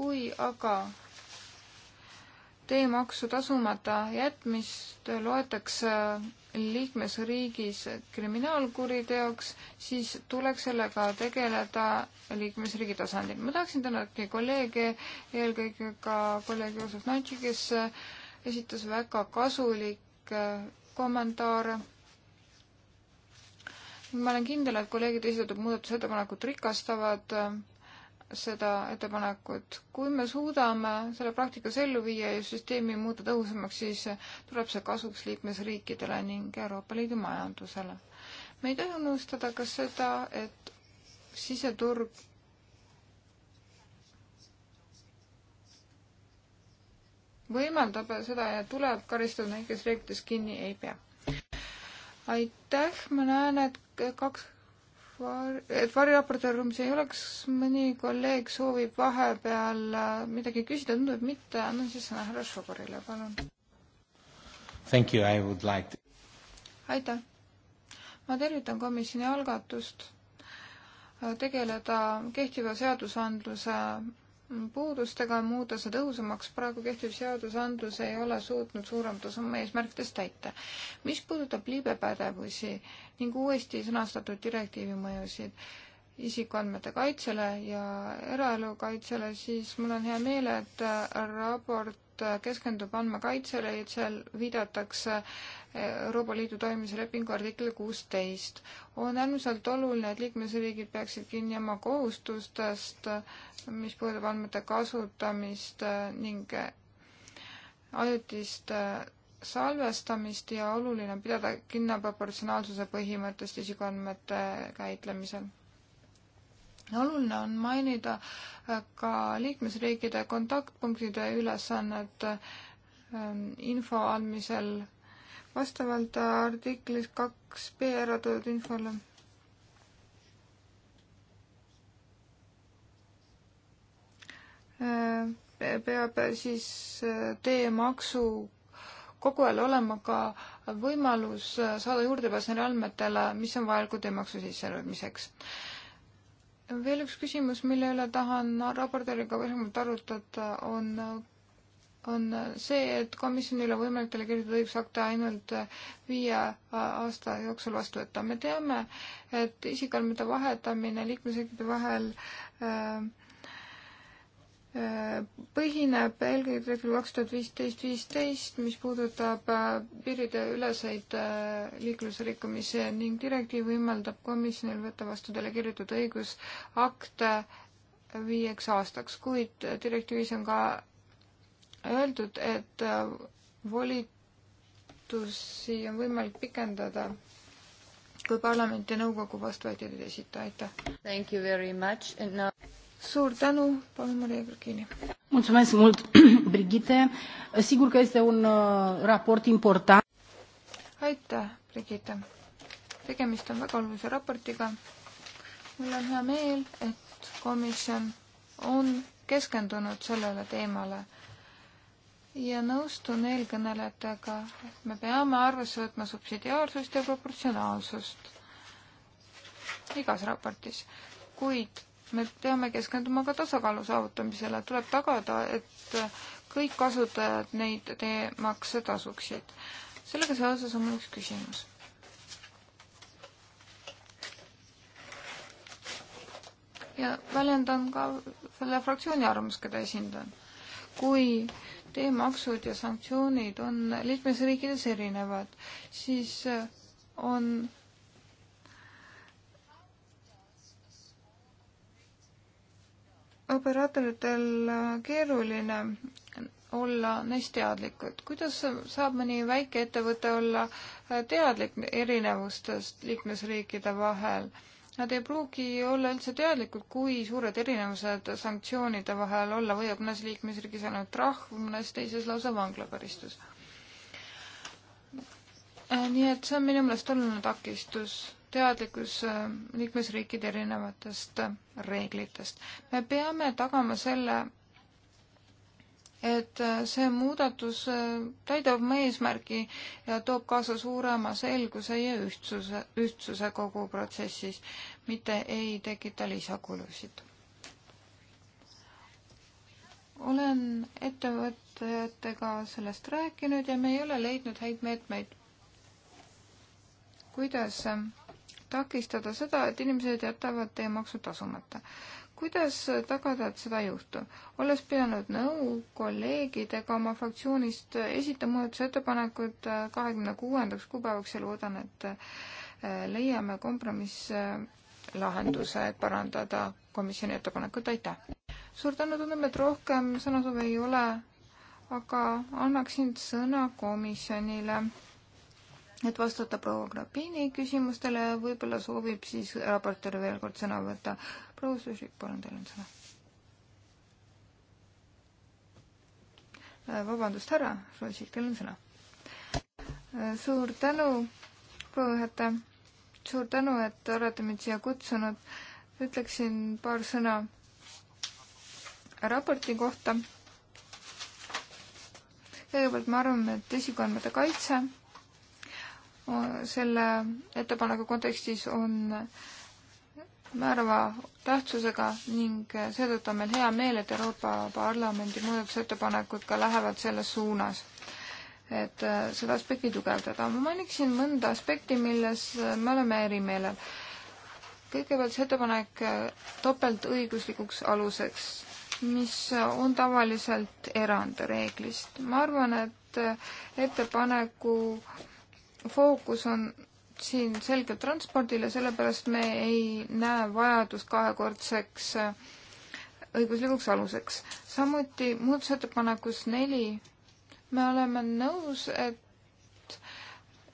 kui aga teemaksu tasumata jätmist loetakse liikmesriigis kriminaalkuriteoks, siis tuleks sellega tegeleda liikmesriigi tasandil. ma tahaksin tänada kolleege, eelkõige ka kolleeg Joosep Nantsi, kes esitas väga kasulikke äh, kommentaare ma olen kindel, et kolleegide esitatud muudatusettepanekud rikastavad äh, seda ettepanekut. kui me suudame selle praktikas ellu viia ja süsteemi muuta tõhusamaks, siis tuleb see kasuks liikmesriikidele ning Euroopa Liidu majandusele. me ei tohi unustada ka seda, et siseturg võimaldab seda ja tuleb karistada neid, kes reeglitest kinni ei pea aitäh, ma näen, et kaks var-, et variraportööri ruumis ei oleks, mõni kolleeg soovib vahepeal äh, midagi küsida, tundub mitte, annan siis sõna härra Šogorile, palun. Thank you, I would like to aitäh! ma tervitan komisjoni algatust äh, tegeleda kehtiva seadusandluse puudustega muuta see tõhusamaks, praegu kehtiv seadusandlus ei ole suutnud suuremat osa oma eesmärkidest täita. mis puudutab liibepädevusi ning uuesti sõnastatud direktiivi mõjusid isikuandmete kaitsele ja eraelu kaitsele, siis mul on hea meel, et raport keskendub andmekaitsele ja seal viidatakse äh, Euroopa Liidu toimimise lepingu artikli kuusteist. on äärmiselt oluline, et liikmesriigid peaksid kinni oma kohustustest, mis puudutab andmete kasutamist ning ajutist salvestamist ja oluline on pidada kinni proportsionaalsuse põhimõttest isikuandmete käitlemisel oluline on mainida ka liikmesriikide kontaktpunktide ülesannet ähm, info andmisel vastavalt artiklis kaks B ära toodud infole. Äh, peab siis äh, teemaksu kogujal olema ka võimalus äh, saada juurdepääs neile andmetele, mis on vajalikud teemaksu sissearvamiseks veel üks küsimus, mille üle tahan raportööriga põhimõtteliselt arutada, on on see, et komisjonil on võimalik talle kirjutada õigusakte ainult viie aasta jooksul vastu võtta. me teame, et isikuandmete vahetamine liikmesriikide vahel äh, äh, põhineb eelkõige direktiivil kaks tuhat viisteist viisteist, mis puudutab äh, piirideüleseid liiklusrikkumisi ning direktiiv võimaldab komisjonil võtta vastu talle kirjutatud õigusakte viieks aastaks, kuid direktiivis on ka öeldud, et äh, volitusi on võimalik pikendada, kui parlament ja nõukogu vastuväiteid ei esita, aitäh. Thank you very much and now suur tänu, palun Maria Grgini. mulțumesc mult, Brigitte. Sigur că este un uh, raport important. aitäh, Brigitte. tegemist on väga olulise raportiga. mul on hea meel, et komisjon on keskendunud sellele teemale ja nõustun eelkõnelejatega, et me peame arvesse võtma subsidiaarsust ja proportsionaalsust igas raportis, kuid me peame keskenduma ka tasakaalu saavutamisele, tuleb tagada, et kõik kasutajad neid teemakse tasuksid. sellega seoses on mul üks küsimus. ja väljendan ka selle fraktsiooni arvamust, keda esindan. kui äh, teemaksud ja sanktsioonid on liikmesriikides erinevad, siis äh, on operaatoritel keeruline olla neist teadlikud. kuidas saab mõni väikeettevõte olla teadlik erinevustest liikmesriikide vahel? nad ei pruugi olla üldse teadlikud, kui suured erinevused sanktsioonide vahel olla võivad, mõnes liikmesriigis on trahv, mõnes teises lausa vanglakaristus. Äh, nii et see on minu meelest oluline takistus, teadlikkus äh, liikmesriikide erinevatest äh, reeglitest. me peame tagama selle, et äh, see muudatus äh, täidab oma eesmärgi ja toob kaasa suurema selguse ja ühtsuse, ühtsuse kogu protsessis, mitte ei tekita lisakulusid. olen ettevõtjatega sellest rääkinud ja me ei ole leidnud häid meetmeid, kuidas äh, takistada seda, et inimesed jätavad teemaksu tasumata kuidas tagada, et seda ei juhtu? olles pidanud nõu kolleegidega oma fraktsioonist esitama muudatusettepanekud äh, kahekümne kuuendaks kuupäevaks ja loodan, et äh, leiame kompromisslahenduse, et parandada komisjoni ettepanekut, aitäh! suur tänu, tundub, et rohkem sõnasoove ei ole, aga annaksin sõna komisjonile et vastata proua Grapini küsimustele, võib-olla soovib siis raportöör veel kord sõna võtta. proua Sušik, palun, teil on sõna. Äh, vabandust, härra Sušik, teil on sõna. Äh, suur tänu, proua juhataja. suur tänu, et olete mind siia kutsunud. ütleksin paar sõna raporti kohta. kõigepealt me arvame, et isikuandmete kaitse selle ettepaneku kontekstis on määrava tähtsusega ning seetõttu on meil hea meel, et Euroopa Parlamendi muudatusettepanekud ka lähevad selles suunas, et äh, seda aspekti tugevdada. ma mainiksin mõnda aspekti, milles me oleme eri meelel. kõigepealt see ettepanek äh, topeltõiguslikuks aluseks, mis on tavaliselt erand reeglist. ma arvan, et äh, ettepaneku fookus on siin selgelt transpordile, sellepärast me ei näe vajadust kahekordseks äh, õiguslikuks aluseks. samuti muudatusettepanekus neli me oleme nõus, et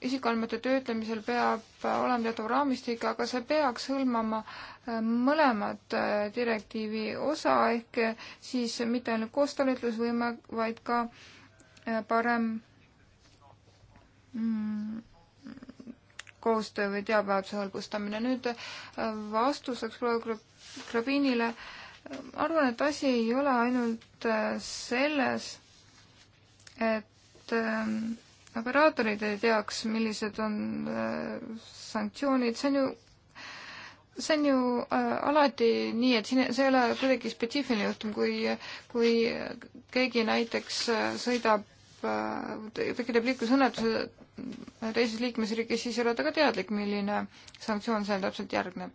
isikuandmete töötlemisel peab äh, olema teatav raamistik, aga see peaks hõlmama äh, mõlemad direktiivi osa ehk siis mitte ainult koostalitlusvõime, vaid ka parem Mm, koostöö või teabevahetuse hõlbustamine. nüüd äh, vastuseks proua Grabinile äh, arvan, et asi ei ole ainult äh, selles, et ähm, operaatorid ei teaks, millised on sanktsioonid, see on ju see on ju äh, alati nii, et siin, see ei ole kuidagi spetsiifiline juhtum, kui, kui keegi näiteks sõidab tekiteb äh, liiklusõnnetuse teises liikmesriigis, siis ei ole ta ka teadlik, milline sanktsioon seal täpselt järgneb.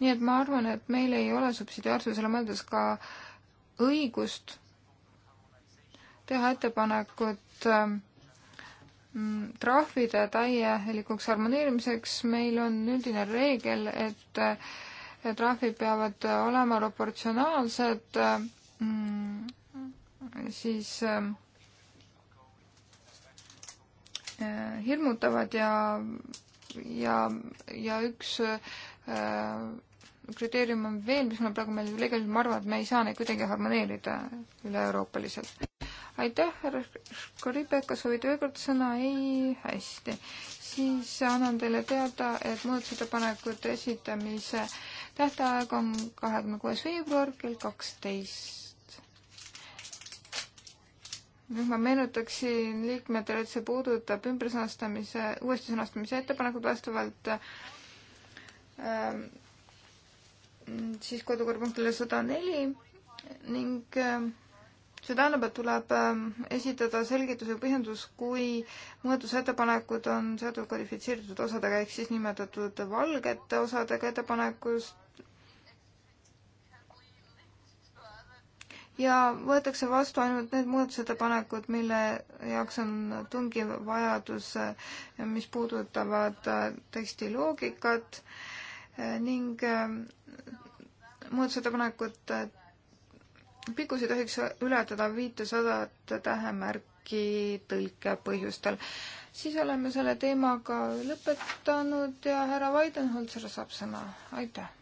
nii et ma arvan, et meil ei ole subsidiaarsusele mõeldes ka õigust teha ettepanekut ähm, trahvide täielikuks harmoneerimiseks, meil on üldine reegel, et äh, trahvid peavad olema proportsionaalsed äh, mm, siis äh, hirmutavad ja, ja, ja üks äh, kriteerium on veel, mis mul praegu meeldib, tegelikult ma arvan, et me ei saa neid kuidagi harmoneerida üle-euroopaliselt. aitäh, härra Škoribe, kas soovite veel kord sõna? ei, hästi. siis annan teile teada, et muudatusettepanekute esitamise tähtaeg on kahekümne kuues veebruar kell kaksteist nüüd ma meenutaksin liikmetele, et see puudutab ümbersõnastamise, uuesti sõnastamise ettepanekut vastavalt ähm, siis kodukorrapunktile sada neli ning ähm, see tähendab, et tuleb ähm, esitada selgitus ja põhjendus, kui muudatusettepanekud on seotud kodifitseeritud osadega ehk siis nimetatud valgete osadega ettepanekust ja võetakse vastu ainult need muudatusettepanekud, mille jaoks on tungiv vajadus, mis puudutavad äh, teksti loogikat äh, ning äh, muudatusettepanekute pikkus ei tohiks ületada viitesadat tähemärki tõlke põhjustel. siis oleme selle teemaga lõpetanud ja härra Weidenholzer saab sõna, aitäh!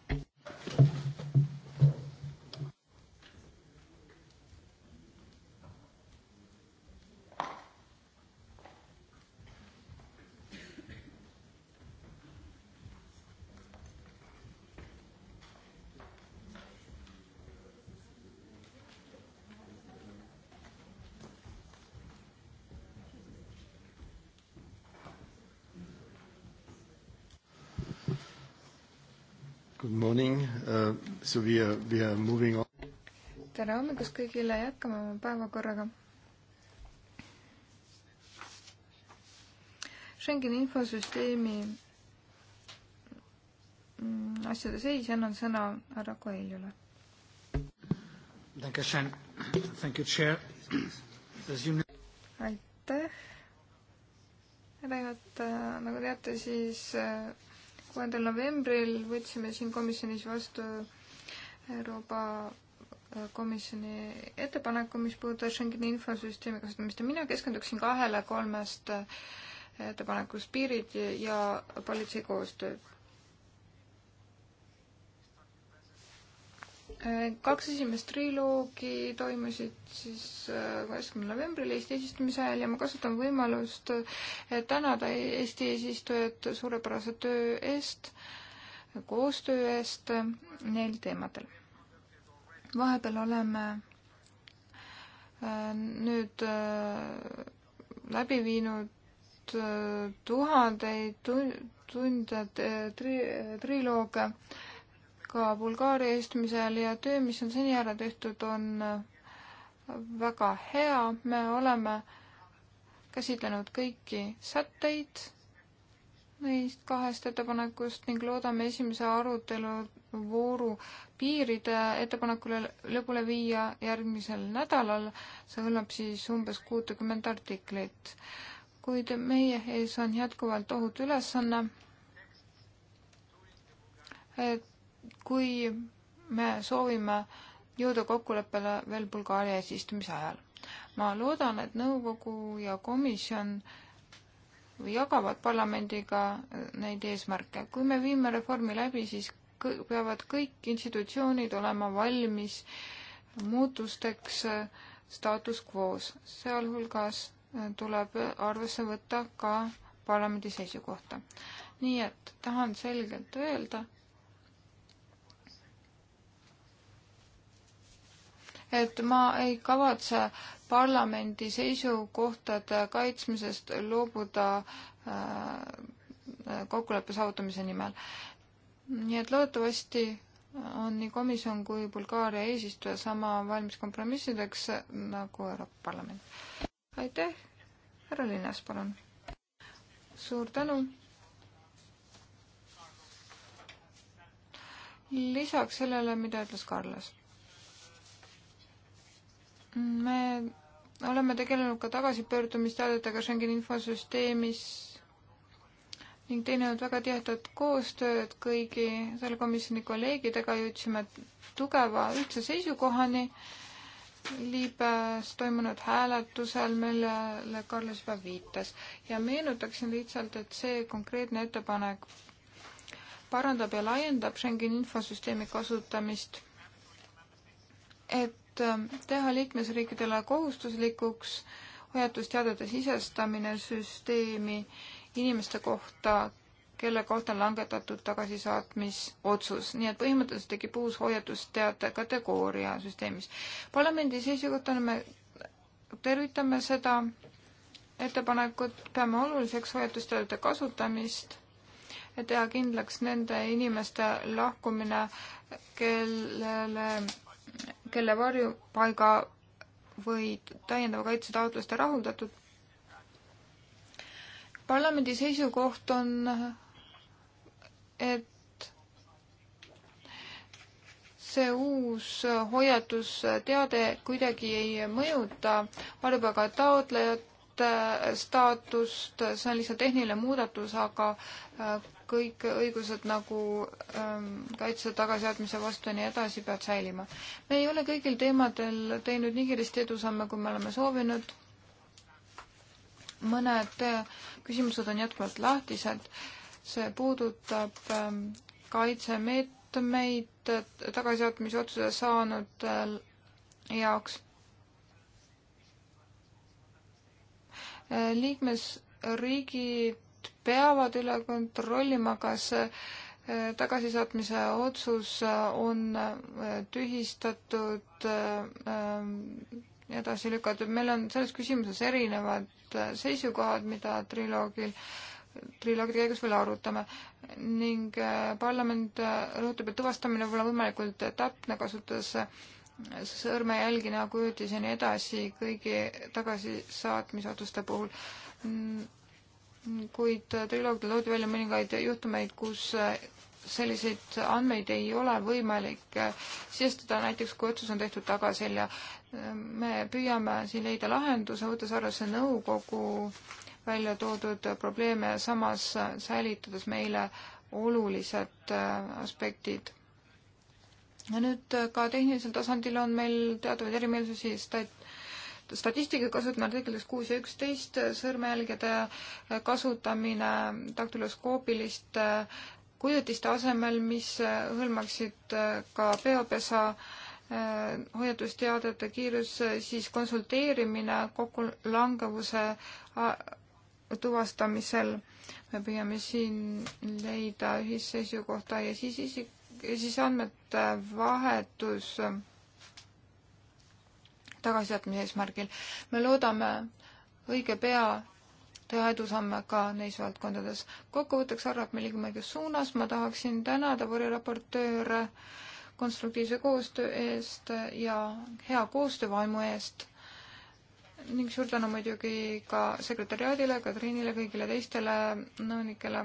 morning. Uh, so we are, we are moving on. tere hommikust kõigile, jätkame oma päevakorraga. Schengeni infosüsteemi mm, asjade seis, annan sõna härra Koiljule. aitäh, härra juhataja, nagu teate, siis uh, kuuendal novembril võtsime siin komisjonis vastu Euroopa äh, komisjoni ettepaneku, mis puudutas Schengeni infosüsteemi kasutamist ja mina keskenduksin kahele kolmest äh, ettepanekust piirid ja politsei koostööd kaks esimest triloogi toimusid siis äh, kaheksakümnendal novembril Eesti eesistumise ajal ja ma kasutan võimalust äh, tänada Eesti eesistujat suurepärase töö eest, koostöö eest äh, neil teemadel. vahepeal oleme nüüd läbi viinud tuhandeid tunde trilooge tri ka Bulgaaria eestmisel ja töö, mis on seni ära tehtud, on äh, väga hea, me oleme käsitlenud kõiki sätteid neist kahest ettepanekust ning loodame esimese arutelu vooru piiride ettepanekule lõpule viia järgmisel nädalal. see hõlmab siis umbes kuutekümmet artiklit. kuid meie ees on jätkuvalt ohutu ülesanne, et kui me soovime jõuda kokkuleppele veel Bulgaaria eesistumise ajal. ma loodan, et nõukogu ja komisjon jagavad parlamendiga neid eesmärke. kui me viime reformi läbi, siis kõ peavad kõik institutsioonid olema valmis muutusteks staatus quo's, sealhulgas tuleb arvesse võtta ka parlamendi seisukohta. nii et tahan selgelt öelda, et ma ei kavatse parlamendi seisukohtade kaitsmisest loobuda äh, kokkuleppe saavutamise nimel. nii et loodetavasti on nii komisjon kui Bulgaaria eesistuja sama valmis kompromissideks nagu Euroopa Parlament. aitäh, härra Linnas, palun. suur tänu. lisaks sellele, mida ütles Carlos me oleme tegelenud ka tagasipöördumisteadetega Schengeni infosüsteemis ning teinud väga tihedat koostööd kõigi selle komisjoni kolleegidega, jõudsime tugeva ühtse seisukohani Liibes toimunud hääletusel, millele Carlos juba viitas. ja meenutaksin lihtsalt, et see konkreetne ettepanek parandab ja laiendab Schengeni infosüsteemi kasutamist, et Ähm, teha liikmesriikidele kohustuslikuks hoiatusteadete sisestamine süsteemi inimeste kohta, kelle kohta on langetatud tagasisaatmisotsus. nii et põhimõtteliselt tekib uus hoiatusteate kategooria süsteemis. parlamendi seisukoht on, me tervitame seda ettepanekut, peame oluliseks hoiatusteadete kasutamist, et teha kindlaks nende inimeste lahkumine, kellele kelle varjupaiga või täiendava kaitse taotlust ei rahuldatud. parlamendi seisukoht on, et see uus hoiatusteade kuidagi ei mõjuta varjupaiga taotlejate staatust, see on lihtsalt tehniline muudatus, aga äh, kõik õigused nagu ähm, kaitse tagasiadmise vastu ja nii edasi peavad säilima. me ei ole kõigil teemadel teinud nii kiiresti edusamme, kui me oleme soovinud. mõned äh, küsimused on jätkuvalt lahtised. see puudutab ähm, kaitsemeetmeid äh, tagasiadmise otsuse saanud äh, jaoks äh,. liikmes riigid kohtud peavad üle kontrollima, kas äh, tagasisaatmise otsus äh, on äh, tühistatud, edasi lükatud. meil on selles küsimuses erinevad seisukohad, mida triloogil, triloogide käigus veel arutame. ning parlament rõhutab, et tuvastamine pole võimalikult täpne, kasutades sõrmejälgi, näokujutisi ja nii edasi kõigi tagasisaatmisotsuste puhul mm, kuid triloogidel toodi välja mõningaid juhtumeid, kus äh, selliseid andmeid ei ole võimalik äh, sisestada, näiteks kui otsus on tehtud tagaselja. Äh, me püüame siin leida lahenduse, võttes arvesse nõukogu välja toodud probleeme, samas säilitades meile olulised aspektid. ja nüüd ka tehnilisel tasandil on meil teatavaid erimeelsusi stat-, statistika kasutamine artiklites kuus ja üksteist, sõrmejälgede eh, kasutamine daktüloskoopiliste eh, kujutiste asemel, mis eh, hõlmaksid ka peopesa hoiatusteadete kiirus, siis konsulteerimine kokkulangevuse tuvastamisel. me püüame siin leida ühisseisukohta ja siis isik, siis andmete vahetus äh, tagasisaatmise eesmärgil. me loodame õige pea teha edusamme ka neis valdkondades. kokkuvõtteks arvab me liigume õiges suunas, ma tahaksin tänada variraportööre konstruktiivse koostöö eest ja hea koostöövaimu eest ning suur tänu muidugi ka sekretäriaadile, Katrinile, kõigile teistele nõunikele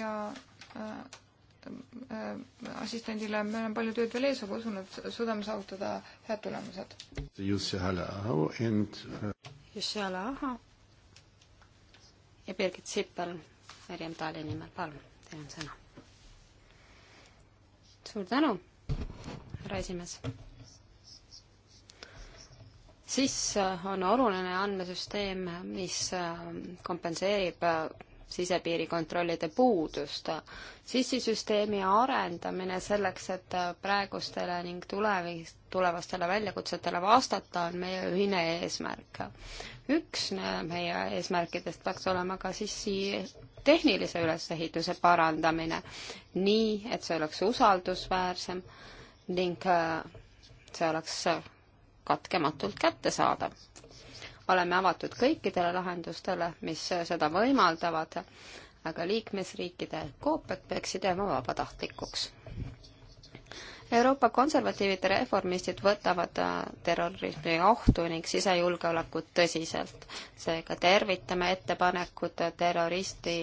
ja äh, Äh, assistendile, meil on palju tööd veel ees, aga usun, et suudame saavutada head tulemused. Jussi Ala-Aho äh, ja Birgit Sippel Merjam Taali nimel, palun, teil on sõna. suur tänu, härra esimees. siis äh, on oluline andmesüsteem, mis kompenseerib sisepiirikontrollide puudust. sissisüsteemi arendamine selleks, et praegustele ning tulevi-, tulevastele väljakutsetele vastata, on meie ühine eesmärk. üks meie eesmärkidest peaks olema ka sissi tehnilise ülesehituse parandamine, nii et see oleks usaldusväärsem ning äh, see oleks katkematult kättesaadav oleme avatud kõikidele lahendustele, mis seda võimaldavad, aga liikmesriikide koopiad peaksid jääma vabatahtlikuks. Euroopa konservatiivid ja reformistid võtavad äh, terrorismi ohtu ning sisejulgeolekut tõsiselt. seega tervitame ettepanekut terroristi,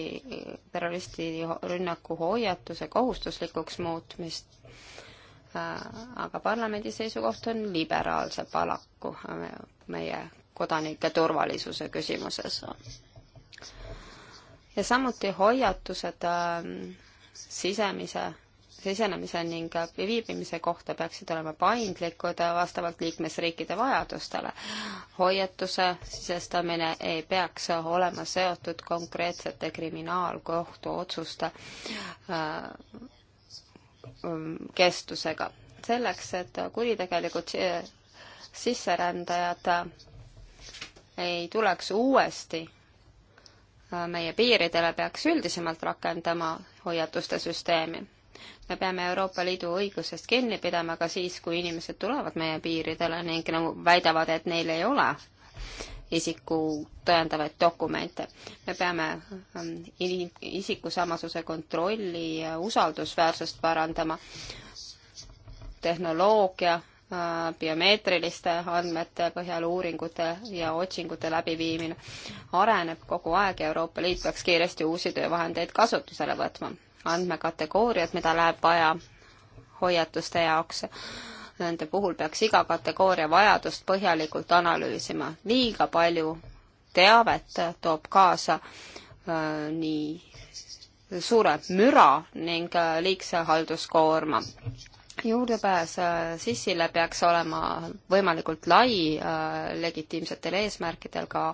terroristi rünnaku hoiatuse kohustuslikuks muutmist äh, aga parlamendi seisukoht on liberaalse palaku äh, meie kodanike turvalisuse küsimuses. ja samuti hoiatused ähm, sisemise, sisenemise ning äh, viibimise kohta peaksid olema paindlikud äh, vastavalt liikmesriikide vajadustele. hoiatuse sisestamine ei peaks olema seotud konkreetsete kriminaalkohtu otsuste äh, mm, kestusega. selleks, et kuritegelikud sisserändajad ei tuleks uuesti äh, meie piiridele, peaks üldisemalt rakendama hoiatuste süsteemi. me peame Euroopa Liidu õigusest kinni pidama ka siis, kui inimesed tulevad meie piiridele ning nagu väidavad, et neil ei ole isiku tõendavaid dokumente. me peame ähm, isikusamasuse kontrolli usaldusväärsust parandama, tehnoloogia Äh, biomeetriliste andmete põhjal uuringute ja otsingute läbiviimine areneb kogu aeg ja Euroopa Liit peaks kiiresti uusi töövahendeid kasutusele võtma. andmekategooriad, mida läheb vaja hoiatuste jaoks, nende puhul peaks iga kategooria vajadust põhjalikult analüüsima. liiga palju teavet toob kaasa äh, nii suure müra ning äh, liigse halduskoorma juurdepääs äh, sissile peaks olema võimalikult lai äh, legitiimsetel eesmärkidel, ka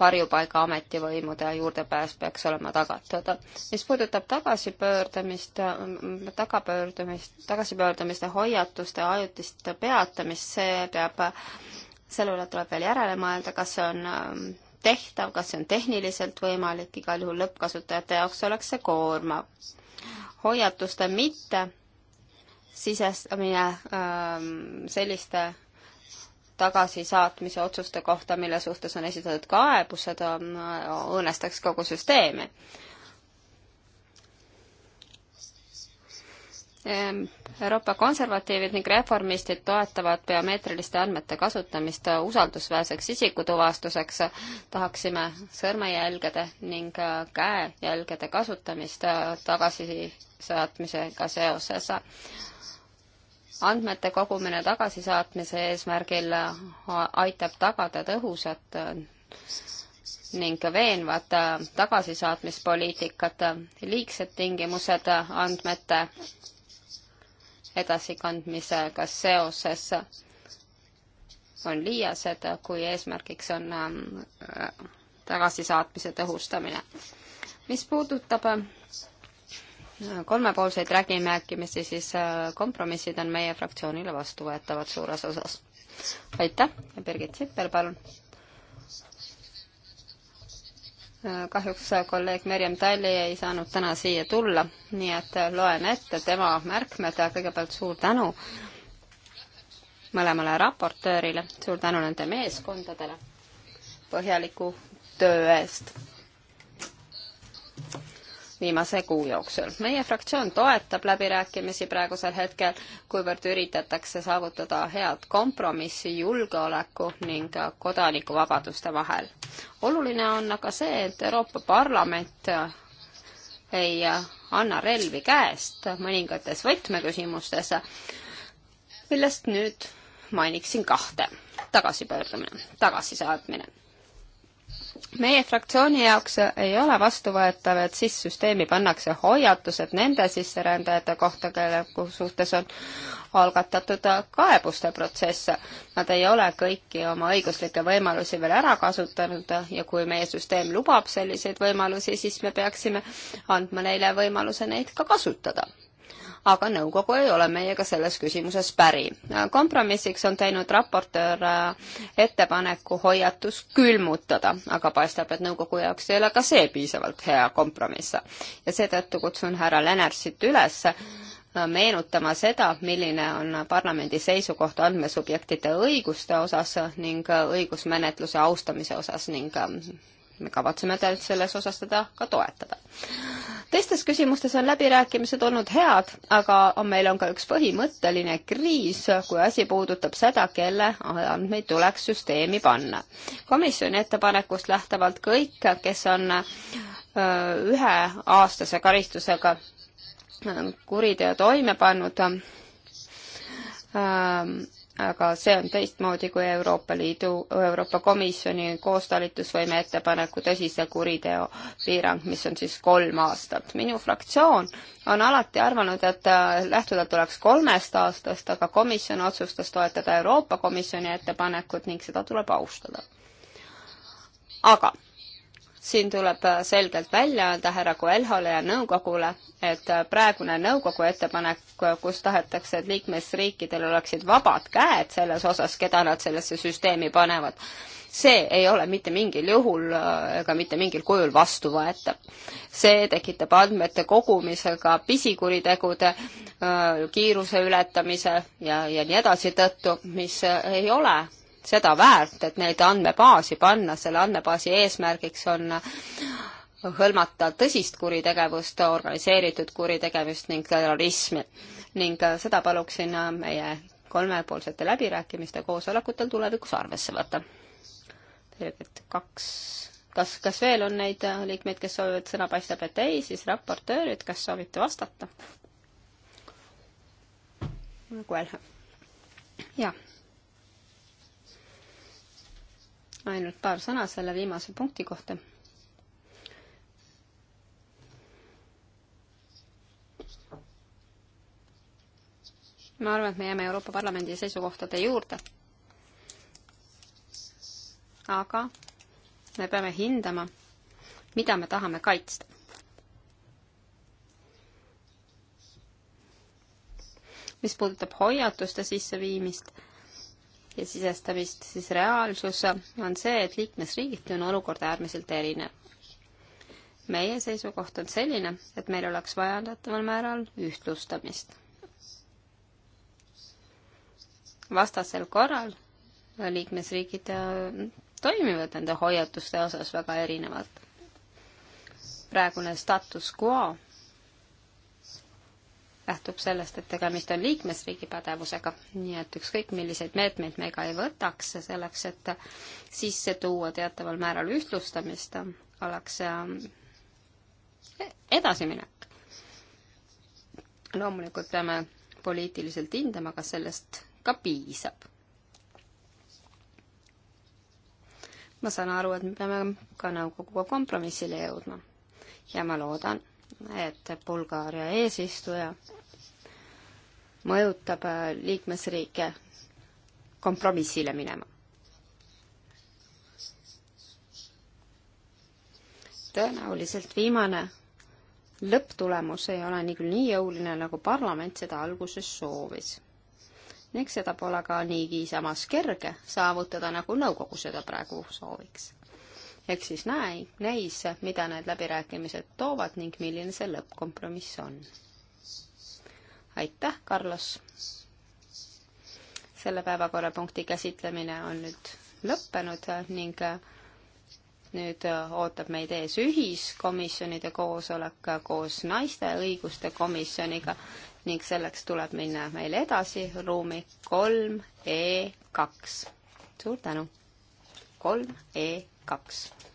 varjupaiga ametivõimude juurdepääs peaks olema tagatud. mis puudutab tagasipöördamist, äh, tagapöördumist, tagasipöördumiste hoiatuste ajutist peatamist, see peab, selle üle tuleb veel järele mõelda, kas see on tehtav, kas see on tehniliselt võimalik, igal juhul lõppkasutajate jaoks oleks see koormav. hoiatuste mitte sisestamine ähm, selliste tagasisaatmise otsuste kohta, mille suhtes on esitatud kaebused, äh, õõnestaks kogu süsteemi. Ähm, Euroopa konservatiivid ning reformistid toetavad biomeetriliste andmete kasutamist usaldusväärseks isikutuvastuseks. tahaksime sõrmejälgede ning äh, käejälgede kasutamist äh, tagasisaatmisega seoses andmete kogumine tagasisaatmise eesmärgil aitab tagada tõhusat ning veenvat tagasisaatmispoliitikat. liigsed tingimused andmete edasikandmisega seoses on liiased, kui eesmärgiks on äh, tagasisaatmise tõhustamine. mis puudutab äh, kolmepoolseid läbimärkimisi, siis äh, kompromissid on meie fraktsioonile vastuvõetavad suures osas. aitäh, Birgit Sipper, palun. Äh, kahjuks äh, kolleeg Merjam Talli ei saanud täna siia tulla, nii et loen ette tema märkmed ja kõigepealt suur tänu mõlemale raportöörile, suur tänu nende meeskondadele põhjaliku töö eest viimase kuu jooksul. meie fraktsioon toetab läbirääkimisi praegusel hetkel, kuivõrd üritatakse saavutada head kompromissi julgeoleku ning kodanikuvabaduste vahel. oluline on aga see, et Euroopa Parlament ei anna relvi käest mõningates võtmeküsimustes, millest nüüd mainiksin kahte. tagasipöördumine, tagasisaatmine meie fraktsiooni jaoks ei ole vastuvõetav, et sissüsteemi pannakse hoiatused nende sisserändajate kohta, kelle suhtes on algatatud kaebuste protsess. Nad ei ole kõiki oma õiguslikke võimalusi veel ära kasutanud ja kui meie süsteem lubab selliseid võimalusi, siis me peaksime andma neile võimaluse neid ka kasutada aga nõukogu ei ole meiega selles küsimuses päri. kompromissiks on teinud raportöör äh, ettepaneku hoiatus külmutada, aga paistab, et nõukogu jaoks ei ole ka see piisavalt hea kompromiss. ja seetõttu kutsun härra Lennartsit üles äh, meenutama seda, milline on parlamendi seisukoht andmesubjektide õiguste osas ning äh, õigusmenetluse austamise osas ning me kavatseme teid selles osas teda ka toetada teistes küsimustes on läbirääkimised olnud head, aga on, meil on ka üks põhimõtteline kriis, kui asi puudutab seda, kelle andmeid tuleks süsteemi panna. komisjoni ettepanekust lähtuvalt kõik, kes on üheaastase karistusega kuriteo toime pannud, aga see on teistmoodi kui Euroopa Liidu, Euroopa Komisjoni koostalitusvõime ettepaneku tõsise kuriteo piirang, mis on siis kolm aastat. minu fraktsioon on alati arvanud, et äh, lähtuda tuleks kolmest aastast, aga komisjon otsustas toetada Euroopa Komisjoni ettepanekut ning seda tuleb austada. aga siin tuleb äh, selgelt välja öelda härra Coelhole ja nõukogule, et äh, praegune nõukogu ettepanek, äh, kus tahetakse, et liikmesriikidel oleksid vabad käed selles osas, keda nad sellesse süsteemi panevad, see ei ole mitte mingil juhul ega mitte mingil kujul vastuvõetav. see tekitab andmete kogumisega pisikuritegude, kiiruse ületamise ja, ja nii edasi tõttu, mis ei ole seda väärt, et neid andmebaasi panna, selle andmebaasi eesmärgiks on hõlmata tõsist kuritegevust, organiseeritud kuritegevust ning terrorismi. ning äh, seda paluksin äh, meie kolmepoolsete läbirääkimiste koosolekutel tulevikus arvesse võtta. tegelikult kaks, kas, kas veel on neid äh, liikmeid, kes soovivad sõna, paistab, et ei, siis raportöörid, kas soovite vastata? nagu jälle. jah ainult paar sõna selle viimase punkti kohta. ma arvan, et me jääme Euroopa Parlamendi seisukohtade juurde. aga me peame hindama, mida me tahame kaitsta. mis puudutab hoiatuste sisseviimist ja sisestamist, siis reaalsus on see, et liikmesriigiti on olukord äärmiselt erinev. meie seisukoht on selline, et meil oleks vaja teataval määral ühtlustamist. vastasel korral liikmesriigid äh, toimivad nende hoiatuste osas väga erinevalt. praegune status quo lähtub sellest, et tegemist on liikmesriigi pädevusega, nii et ükskõik, milliseid meetmeid me ka ei võtaks selleks, et sisse tuua teataval määral ühtlustamist, oleks edasiminek. loomulikult peame poliitiliselt hindama, kas sellest ka piisab. ma saan aru, et me peame ka nõukoguga kompromissile jõudma ja ma loodan et Bulgaaria eesistuja mõjutab äh, liikmesriike kompromissile minema. tõenäoliselt viimane lõpptulemus ei ole nii küll nii jõuline, nagu parlament seda alguses soovis. ning seda pole ka niigi samas kerge saavutada, nagu nõukogu seda praegu sooviks ehk siis näi-, näis, mida need läbirääkimised toovad ning milline see lõppkompromiss on. aitäh, Carlos! selle päevakorrapunkti käsitlemine on nüüd lõppenud ning nüüd ootab meid ees ühiskomisjonide koosolek koos naiste õiguste komisjoniga ning selleks tuleb minna meil edasi ruumi 3E2. suur tänu! 3E2 kaks